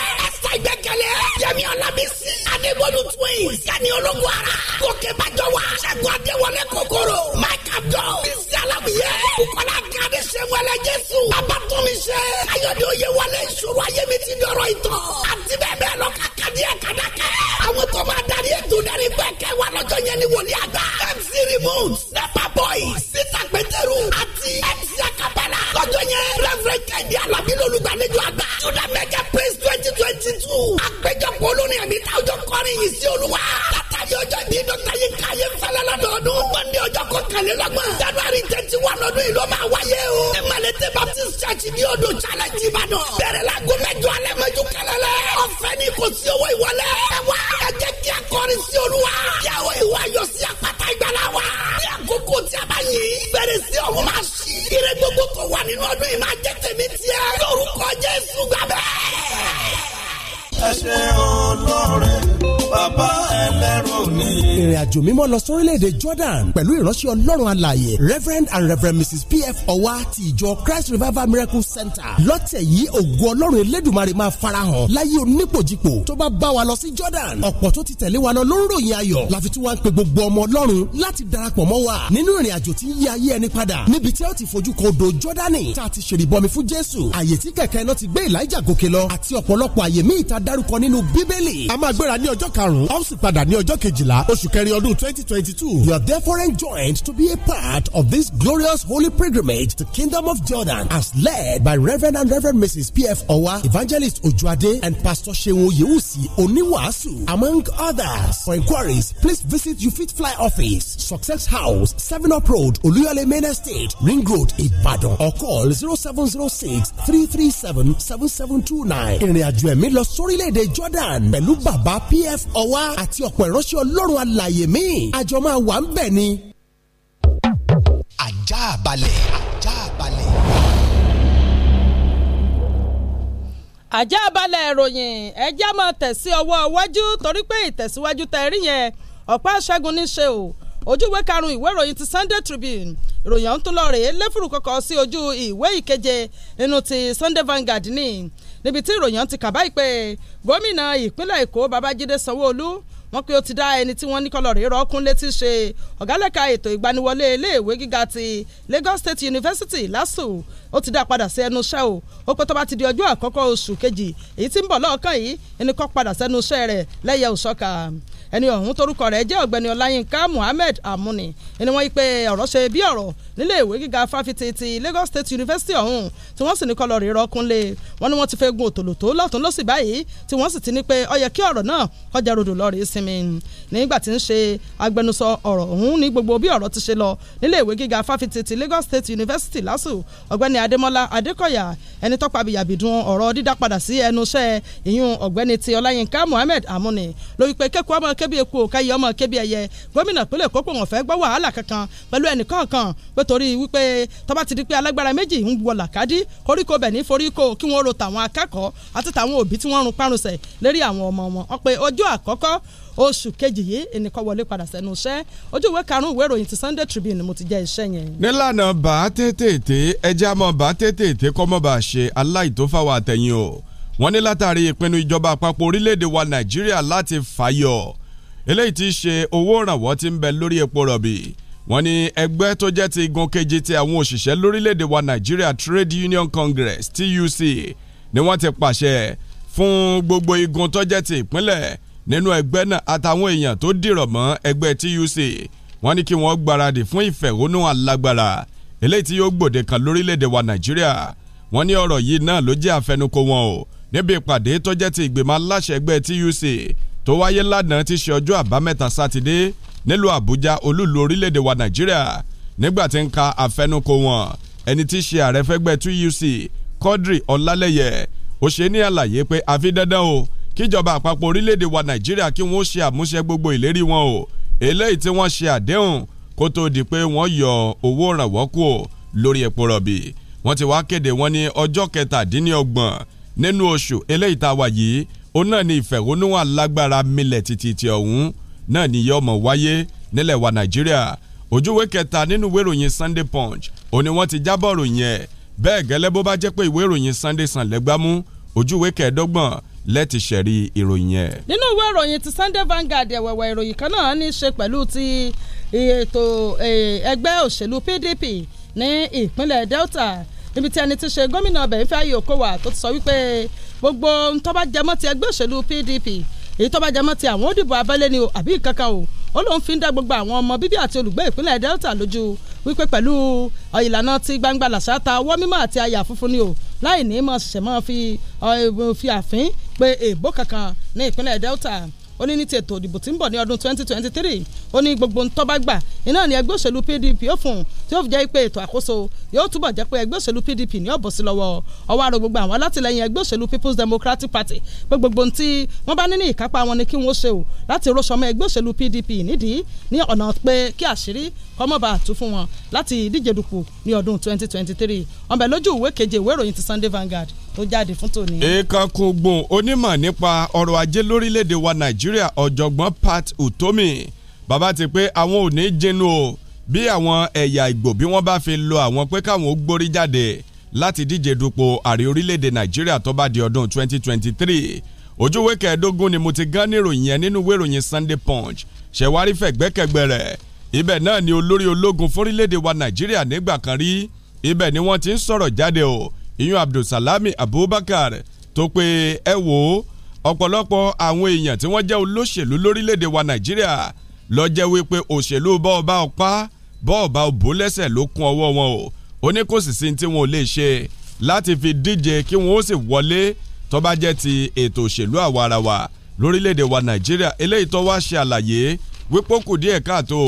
Speaker 2: mi yẹ. bukola gadi sewale jésù. bàbá tó mi ṣe. ayọ̀dẹ̀ òye wọlé ìṣòro ayé mi ti dọ̀rọ̀ ìtọ̀. àti bẹ́ẹ̀ bẹ́ẹ̀ lọ ka kadi ẹ̀ kada kẹ́. àwọn tó máa darí ètò darí bẹ́ẹ̀ kẹ́ wà lọ́jọ́ yẹn ni wòlíì àgbà. mc remote nepa boy sita gbẹdẹrù àti mc akabala. lọ́jọ́ yẹn rẹ́fúrẹ́ kẹ́ndí alábí lolùgbàlejò àgbà. judah mega praise twenty twenty jésù. àpéjọpọ̀ olórin ẹ̀mí táwùjọ kọrin yìí sí olúwa. látàrí ọjọ́ ní dọ́kítà yìí ká yé fẹ́lẹ́ lọ́dọọdún. wọ́n ní ọjọ́ kọkànlélọ́gbọ̀n. january twenty one ọdún yìí ló máa wáyé o. emalete baptist church ní ọdún challenge ìbàdàn. bẹ̀rẹ̀ la gómẹjọ alẹ́ mẹ́jọ kẹlẹ́lẹ́. ọ̀fẹ́ ni kò sí owó ìwọlé. ẹ wá ẹ jẹ́ kí a kọrin sí olúwa. yàwó ìwà yọ sí àpáta ìgbàlá wa. ní àkókò tí a bá yìí. bẹ̀rẹ̀ sí ọ̀hún máa ṣí. ire gbogbo tó wà nínú ọdún yìí máa jẹ́ tèmi tiẹ̀. lórúkọ jésù gbàgbẹ́ ẹ ṣe olóore
Speaker 6: bàbá ìrìn àjò mímọ́ lọ sórílẹ̀-èdè Jordan pẹ̀lú ìránṣẹ́ ọlọ́run alààyè Reverend and Reverend Mrs P.F. Ọwa ti ìjọ Christ Revival Miracle Center lọ́tẹ̀ yìí ògo ọlọ́run elédùnmarè máa farahàn láyé onípòjìpò tó bá bá wa lọ sí Jordan ọ̀pọ̀ tó ti tẹ̀lé wa lọ ló ń ròyìn ayọ̀ láfi tí wàá ń pe gbogbo ọmọ ọlọ́run láti darapọ̀ mọ́ wa nínú ìrìn àjò tí ń yí ayé ẹni padà níbi tí ó ti fojú kan odò Jọ́dánì tá a ti ṣèrìbọmi fún Jésù àyè tí kẹ̀kẹ́ náà ti gbé dárúkọ nínú bíbélì. a máa gbéra ní ọjọ́ karùn-ún a ó sì padà ní ọjọ́ kejìlá oṣù kẹrin ọdún twenty twenty two. you are therefore enjoined to be a part of this glorious holy pilgrimage to kingdom of Jordan as led by Reverend and Reverend Mrs. P.F. Owa, Evangelist Ojuade and Pastor Shewo Yewusi Oniwasu among others. For inquiries, please visit UFIT Fly Office, Success House, Seven Up Road, Oluyale Main Estate, Ring Road, Ibadan or call 0706 337 7729. Ìrìnàjò ẹ̀mí lọ sórílẹ̀ orílẹ̀-èdè Jordan pẹ̀lú bàbá PF ọwá àti ọ̀pọ̀ ìránṣẹ́ ọlọ́run alàyè míì àjọ máa wà ń bẹ̀ ni.
Speaker 1: ajá balẹ̀ ajá balẹ̀. ajá balẹ̀ ìròyìn ẹjẹ́ máa tẹ̀sí ọwọ́ iwájú torí pé ìtẹ̀síwájú tẹ̀ rí yẹn ọ̀pá ṣẹ́gun ní ṣe o ojúwe karùn-ún ìwé ìròyìn ti Sunday Tribune ìròyìn ọ̀hún tún lọ rèé lẹ́fùrú kọ̀ọ̀kan sí ojú ìwé ìkeje nínú ti Sunday Vanguard ní níbi tí ìròyìn ti kà báyìí pé gómìnà ìpínlẹ̀ èkó babájídé sanwóolu wọ́n pé ó ti dá ẹni tí wọ́n ní kọlọ rèé létí ṣe ọgálẹ̀ka ètò ìgbaniwọlé iléèwé gíga ti Lagos State University LASU ó ti dá padà sí ẹnu iṣẹ́ o ó pé tó bá ti di ọjọ́ àkọ́kọ́ oṣù kejì èyí tí ń bọ̀ lọ́ọ̀kan yìí ẹni kọ́ padà sẹ́nu iṣẹ́ rẹ̀ lẹ́yẹ òṣọ́ka ẹni ọ̀hún torúkọ rẹ̀ jẹ́ ọ̀gbẹ́ni ọláyínká muhammed amuni ẹni wọ́n yí pé ọ̀rọ̀ ṣe bí ọ̀rọ̀ nílé ìwé gíga fáfitì ti lagos state university ọ̀hún tí wọ́n sì ní kọlọ̀ rírọ́ kúnlé wọ́n ní wọ́n ti fẹ́ gun òtòlò tó lọ́tún lọ́sì báyìí tí wọ́n sì ti ní pé ó yẹ kí ọ̀rọ̀ náà kọjá rodò lọ́ọ̀rì sinmi nígbà tí ń ṣe agbẹnusọ ọ̀rọ̀ ọ̀hún ní gbogbo bí ọ̀rọ̀ ti ṣe lọ nílé ìwé gíga fáfitì ti lagos state university lasu ọ̀gbẹ́ni adémọ́lá adékọ̀yà ẹni tọ́pọ̀ abiyabidun ọ̀rọ̀ dídá padà sí ẹnu iṣẹ́ ìyún ọ̀gbẹ́ni ti ọláyínká muhammed amuni lórí pé kẹ́kọ̀ọ́ kébi eku òkèyí ọmọ kébi ẹyẹ gómìnà pínlẹ̀ Èkó kò wọ́n fẹ́ gbọ́ wàhálà kankan pẹ̀lú ẹnìkọ̀ọ̀kan nítorí wípé tó bá ti di pé alágbára méjì ń wọ làkàdí koríko bẹ̀ foríko kí wọ́n ro tàwọn akẹ́kọ̀ọ́ àti tàwọn òbí tí wọ́n run párùnsẹ̀ lérí àwọn ọmọ wọn wọ́n pe ojú àkọ́kọ́ oṣù kejì yìí ẹnìkan wọlé padà sẹ́nu iṣẹ́ ojú ìwé karùn ìwé ìròyìn ti Sunday Tribune mo ti jẹ́ iṣẹ́ yẹn.
Speaker 5: nílànà bá tètè ẹjẹ́ àmọ́ bá tètè kọ́ bá ṣe aláìtófáwọ̀ àtẹ̀yìn o wọ́n ní látàrí ìpinnu ìjọba àpapọ̀ orílẹ̀-èdè wa Nàìjíríà láti fàyọ̀ eléyìí ti ṣe owó ìrànwọ́ tí ń bẹ lórí epo rọ̀bì wọ́n ní ẹgbẹ́ tó jẹ́ ti igun kejì ti àwọn òṣìṣẹ́ lórílẹ̀‐èdè wa Nigeria Trade Union Congress TUC ni wọ́n ti pàṣẹ fún gbogbo igun tó jẹ́ ti ìpínlẹ̀ nínú ẹgbẹ́ náà àtàwọn èèyàn tó dìrọ̀ mọ́ ẹgbẹ́ TUC wọ́n ní kí wọ́n gbáradì fún ìfẹ̀hónú alágbára eléyìí tí yóò gbòde kan lórílẹ̀‐èdè wa Nigeria wọ́n ní ọ̀rọ̀ yìí náà ló jẹ́ àfẹnukò wọn o níbi ìpàdé tó jẹ́ ti ìgbìmọ̀ aláṣẹ ẹgbẹ́ TUC tó wáyé lánàá ti ṣe ọjọ́ àbámẹ́ta sátidé nílùú àbújá olúlu orílẹ̀-èdè wa nàìjíríà nígbà tí ń ka àfẹnukò wọn ẹni tí í ṣe ààrẹ fẹ́gbẹ́ 2UC Quadri ọlálẹ́yẹ ó ṣe ní àlàyé pé àfi dandan o kíjọba àpapọ̀ orílẹ̀-èdè wa nàìjíríà kí wọ́n ṣe àmúṣe gbogbo ìlérí wọn o eléyìí tí wọ́n ṣe àdéhùn kó tó di pé wọ́n yọ owó ìrànwọ́ kù lórí epo rọ̀bì wọ́n ti wá kéde wọn ní ọjọ́ kẹtàdínlọ́gbọ̀n nínú oṣù eléyìí tá a wà yìí òun náà ni ìfẹ̀hónúhàn alágbára milẹ̀ títí ti ọ̀hún náà ni yọ ọmọ wáyé nílẹ̀ wa nàìjíríà ojúwé kẹta nínú ìwé ìròyìn Sunday Punch òun ni wọ́n ti jábọ̀ ròyìn ẹ̀ bẹ́ẹ̀ gẹ́lẹ́ bó bá jẹ́ pé ìwé ìròyìn Sunday sàn lẹ́gbámú ojúwé kẹẹ̀ẹ́dọ́gbọ̀n lẹ́ẹ̀tì sẹ̀rí ìròyìn ẹ̀.
Speaker 1: nínú ìwé ìròyìn ti Sunday Vanguard ẹ̀wẹ̀wẹ̀ ìròyìn kan náà ní í ṣe pẹ̀lú ti e, ètò e, ẹgbẹ́ òṣèlú PDP ní ìpínlẹ̀ Delta níbi tí ẹni ti ṣe gómìnà ọbẹ̀ Ifeanyi Okowa tó ti sọ wípé gbogbo ntọ́ bá jẹmọ́ ti ẹgbẹ́ òṣèlú PDP èyí tó bá jẹmọ́ ti àwọn òdìbò abẹ́lé ni o àbí kankan o ó lóun fi ń dá gbogbo àwọn ọmọ bíbí àti olùgbé ìpínlẹ̀ Delta lójú wípé pẹ̀lú ìlànà ti gbangba làṣà ta ọwọ́ mímọ́ àti àyà funfun ni o láì ní mọ̀ ṣẹ̀ṣẹ̀ mọ́ fi àfín pé èèbó kankan ní ìpínlẹ̀ Delta ó ní ní ti ètò ìdìbò tí ń bọ̀ ní ọdún 2023 ó ní gbogbo ntọ́ba iná ní ẹgbẹ́ òṣèlú PDP ó fún tí ó fi jẹ́ pé ètò àkóso yóò túbọ̀ jẹ́ pé ẹgbẹ́ òṣèlú PDP ní ọ̀bọ̀ sí lọ́wọ́ ọwọ́ àrò gbogbo àwọn alátìlẹyìn ẹgbẹ́ òṣèlú People's Democratic Party pé gbogbo tí wọ́n bá níní ìkápá wọn ni kí wọ́n ṣe o láti rọ́ṣọmọ ẹgbẹ́ òṣèlú PDP nídìí ní ọ̀nà pé kí àṣírí kọ́mọ̀bà tú fún wọn láti díje dupò ní ọdún 2023 ọ̀nbẹ lójú ìwé keje ìwé ìròyìn ti Sunday Vanguard tó jáde fún tòní.
Speaker 5: èèkan kùngbùn onímọ̀ nípa ọrọ̀ ajé lórílẹ̀‐èdè wa Nàìjíríà ọ̀jọ̀gbọ́n Pat Utomi bàbá ti pé àwọn ò ní jẹnu o bí àwọn ẹ̀yà Ìgbò bí wọ́n bá fi lo àwọn pé káwọn ó gbórí jáde láti díje dupò ààrẹ orílẹ̀-èdè Nàìjíríà tó bá di ọdún 2023 ojúwe kẹẹ̀ẹ́dógún ni mo ti gán níròyìn yẹn nínú ìwé ìròyìn Sunday Punch ṣẹ̀wárí fẹ̀gbẹ́kẹ̀gbẹ́ rẹ̀ ibẹ̀ náà ni olórí ológun fórílẹ̀-èdè wa Nàìjíríà nígbà kan rí ibẹ̀ ni wọ́n ti ń sọ̀rọ̀ jáde o ìyún Abdulsalami Abubakar tó pé ẹ wò ó ọ̀pọ̀lọpọ̀ àwọn èèyàn tí wọ́n jẹ́ olóṣèlú lórílẹ̀-èdè wa Nàìjíríà lọ́jẹ́ wípé òṣèlú bọ́ọ̀bá ọ̀pá bọ́ọ̀bá òbó lẹ́sẹ̀ ló kún ọwọ́ wọn o ó ní kò sì sí tí wọn ò lè ṣe láti fi díje kí wọn ó sì wọlé tó ti ètò òṣèlú àwarawa lórílẹ̀‐èdè wa nàìjíríà eléyìí tó wá ṣe àlàyé wípé ó kù díẹ̀ káàtó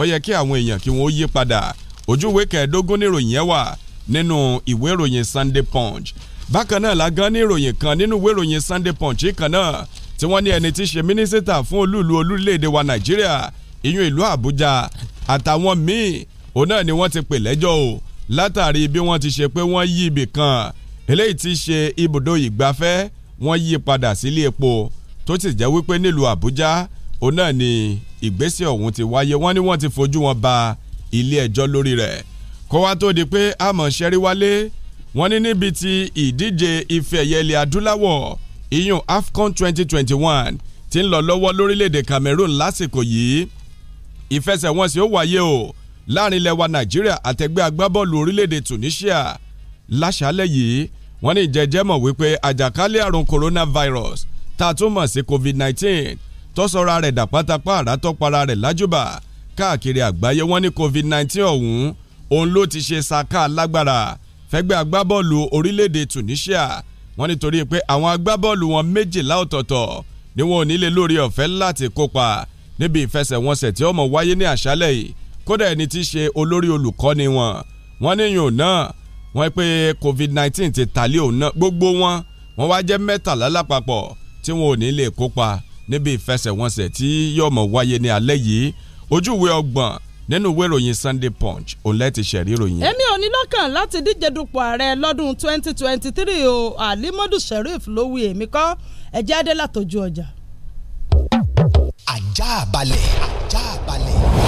Speaker 5: ó yẹ kí àwọn èèyàn kí wọn ó yí padà ojúwe kẹẹ̀ẹ́dógún níròyìn yẹn wà nínú ìwé ìròyìn Sunday Punch bákan náà lágán ní kan nínú ìwé ìròyìn Sunday Punch kan náà tí wọ́n ní ẹni tí í ṣe mínísítà fún olúùlú olúléèdè wa nàìjíríà ìyún ìlú àbújá àtàwọn míì òun náà ni wọ́n ti pè lẹ́jọ́ o látàrí bí wọ́n ti ṣe pé wọ́n yí ibì kan eléyìí ti ṣe ibùdó ìgbafẹ́ wọ́n yí padà sílé epo tó sì jẹ́ wípé nílùú àbújá òun náà ni ìgbésẹ̀ ọ̀hún ti wáyé wọ́n ní wọ́n ti fojú wọn ba ilé ẹjọ́ lórí rẹ̀ kó wá tó di pé àmọ́ ṣẹ́rí wálé wọ́n ní níbi ti ìdíje ife ẹ̀yẹ ilẹ̀ adúláwọ̀ iyun AFCON 2021 twenty one ti ń lọ lọ́wọ́ lórílẹ̀‐èdè Cameroon lásìkò yìí ìfẹsẹ̀wọnsẹ̀ ó wáyé o láàrin ilẹ̀ wa Nàìjíríà àtẹgbẹ́ agbábọ́ọ̀lù orílẹ̀‐èdè Tunisia láṣálẹ̀ yìí wọ́n ní ìjẹ́jẹ́ mọ̀ wípé àjàkálẹ̀ àrùn coronavirus tá a mọ̀ sí COVID-19 tó sọra rẹ̀ dàpátápá àràtọ́para rẹ̀ lájúbà káàkiri àgbáyé wọ́n ní COVID-19 ọ̀hún òun ló ti ṣe saka lágbára fẹ́gbẹ́ agbábọ́ọ̀lù orílẹ̀‐èdè Tunisia wọ́n nítorí pé àwọn agbábọ́ọ̀lù wọn méjìlá ọ̀tọ̀ọ̀tọ̀ ni wọn ò ní lè lórí ọ̀fẹ́ láti kópa níbi ìfẹsẹ̀wọnsẹ̀ tí ó mọ̀ wáyé ní àṣálẹ̀ yìí kódà ẹni tí í ṣe olórí olùkọ́ni wọn wọ́n níyùn náà wọ́n pé covid-19 ti tàlé òun náà gbogbo wọn wọ́n wá jẹ́ mẹ́tàlá lápapọ̀ tí wọn ò ní lè kópa níbi ìfẹsẹ̀wọnsẹ̀ tí yóò mọ̀ wáyé ní alẹ́ yìí ojú ọgbọ̀n nínú ìwé ìròyìn Sunday Punch òǹlẹ̀ ti ṣẹ̀rí ìròyìn.
Speaker 1: èmi ò ní lọ́kàn láti díje dupò ààrẹ lọ́dún 2023 o Alimadu Sheriff ló wí èmi kọ́ ẹ̀jẹ̀ adé látọjú ọjà. ajá balẹ̀
Speaker 4: ajá balẹ̀.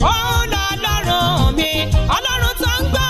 Speaker 6: ó
Speaker 1: lọ ọlọ́run mi ọlọ́run tó ń gbọ́.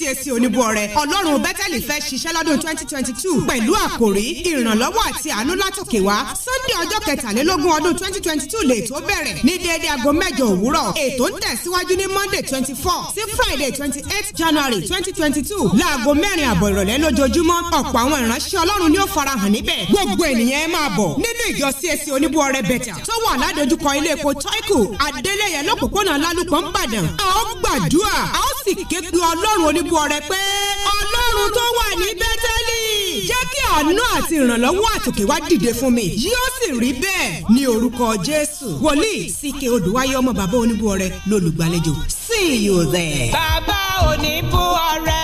Speaker 1: CAC oníbọ̀rẹ̀ ọlọ́run bẹ́tẹ̀lì fẹ́ ṣiṣẹ́ lọ́dún twenty twenty two pẹ̀lú àkòrí ìrànlọ́wọ́ àti àánú látòkè wá sunday ọjọ́ kẹtàlélógún ọdún twenty twenty two lè tó bẹ̀rẹ̀ ní déédéé aago mẹ́jọ òwúrọ̀ ètò ń tẹ̀síwájú ní monday twenty four sí friday twenty eight january twenty twenty two láago mẹ́rin àbọ̀ ìrọ̀lẹ́ lójoojúmọ́ ọ̀pọ̀ àwọn ìránṣẹ́ ọlọ́run ni ó farahàn níbẹ̀ gbogbo ènìyàn ẹ máa bọ̀ nínú ìjọ CAC oníbọ̀rẹ̀ bẹ̀tà tó wà ládojúkọ ilé epo tọ́ìkù adeleye lọ́pọ̀pọ̀nà lálùkọ́ ń bàdàn a ó gbàdúrà a ó sì ké pe ọlọ́run olúwo rẹ pé ọlọ́run tó wà ní bẹ́tẹ́lì jẹ́ kí àánú àti ìrànlọ́wọ́ àtòkè wá dìde fún mi yóò sì rí bẹ́ẹ̀ ní orúkọ jésù wòlíì síkè odùwáyé ọmọ bàbá oníbú ọrẹ lólùgbàlejò see you there. bàbá oníbú ọrẹ.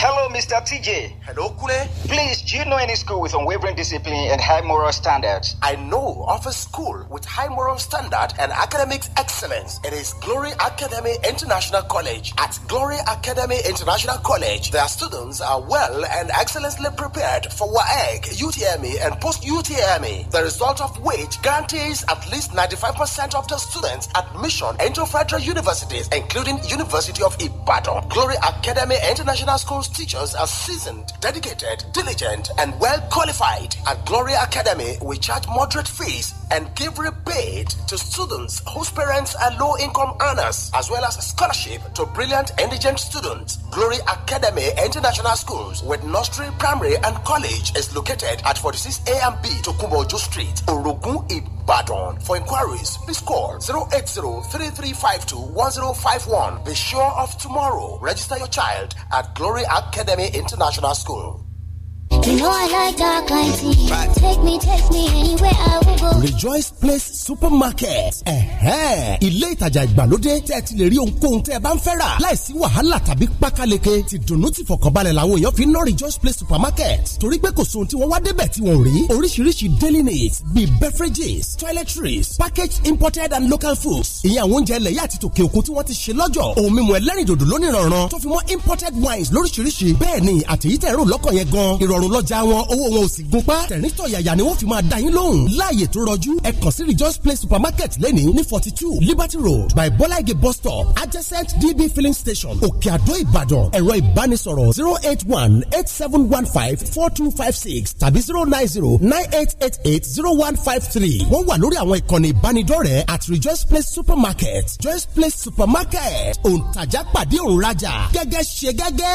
Speaker 3: Hello, Mr. TJ. Hello, Kule. Please, do you know any school with unwavering discipline and high moral
Speaker 6: standards? I know of a school with high moral standard and academic excellence. It is Glory Academy International College. At Glory Academy International College, their students are well and excellently prepared for WAEG, UTME, and post-UTME. The result of which guarantees at least 95% of the students admission into federal universities, including University of Ibadan. Glory Academy International School teachers are seasoned, dedicated, diligent, and well qualified. At Gloria Academy, we charge moderate fees and give rebate to students whose parents are low income earners, as well as scholarship to brilliant indigent students. Glory Academy International Schools with nursery, primary, and college is located at 46 A and B to Kumojo Street, Orogun, Ibadan. For inquiries, please call 080-3352-1051. Be sure of tomorrow. Register your child at Glory Academy International School.
Speaker 4: You know I like dark wine Right. Take me, take me anywhere I will go.
Speaker 6: Rejoice Place Supermarket. Ẹ̀hẹ́n. Ilé ìtajà ìgbàlódé tẹ́ ẹ ti lè rí ohunkóhun tẹ́ ẹ bá ń fẹ́ rà. Láìsí wàhálà tàbí pákáleke ti dùnú ti fọkànbalẹ̀ làwọn èèyàn fi ń ná Rejoice Place Supermarket. Torí pé kò sóhun tí wọ́n wá débẹ̀ tí wọ́n rí. Oríṣiríṣi daily needs bíi beverages, toiletries, packaged imported and local foods. Ìyẹn àwọn oúnjẹ ẹlẹ́yà àti tòkè òkun tí wọ́n ti ṣe lọ́jọ̀. Òun mímu ẹlẹ́rìndòdò lónìí rànran imported wines lóríṣiríṣi. Bẹ́ẹ̀ni àtẹ̀yítẹ̀ rò lọ́kàn yẹn gan. Ìrọ̀ rọrùn lọ́jà wọn owó wọn ò sì gun pa tẹ̀rín tọ̀yàyà ni wọ́n fi máa dá yín lóhùn láàyè tó rọjú ẹ kàn sí Rejoice Place supermarket lẹ́nìí ní forty two Liberty Road by Bọ́láìgì bus stop adjacent DB filling station Òkè Àdó Ìbàdàn ẹ̀rọ ìbánisọ̀rọ̀ zero eight one eight seven one five four two five six tàbí zero nine zero nine eight eight eight zero one five three wọ́n wà lórí àwọn ìkànnì ìbánidọ́rẹ̀ẹ́ at Rejoice Play supermarket Joyce Play supermarket òǹtajà pàdé òǹrajà gẹ́gẹ́ ṣe gẹ́gẹ́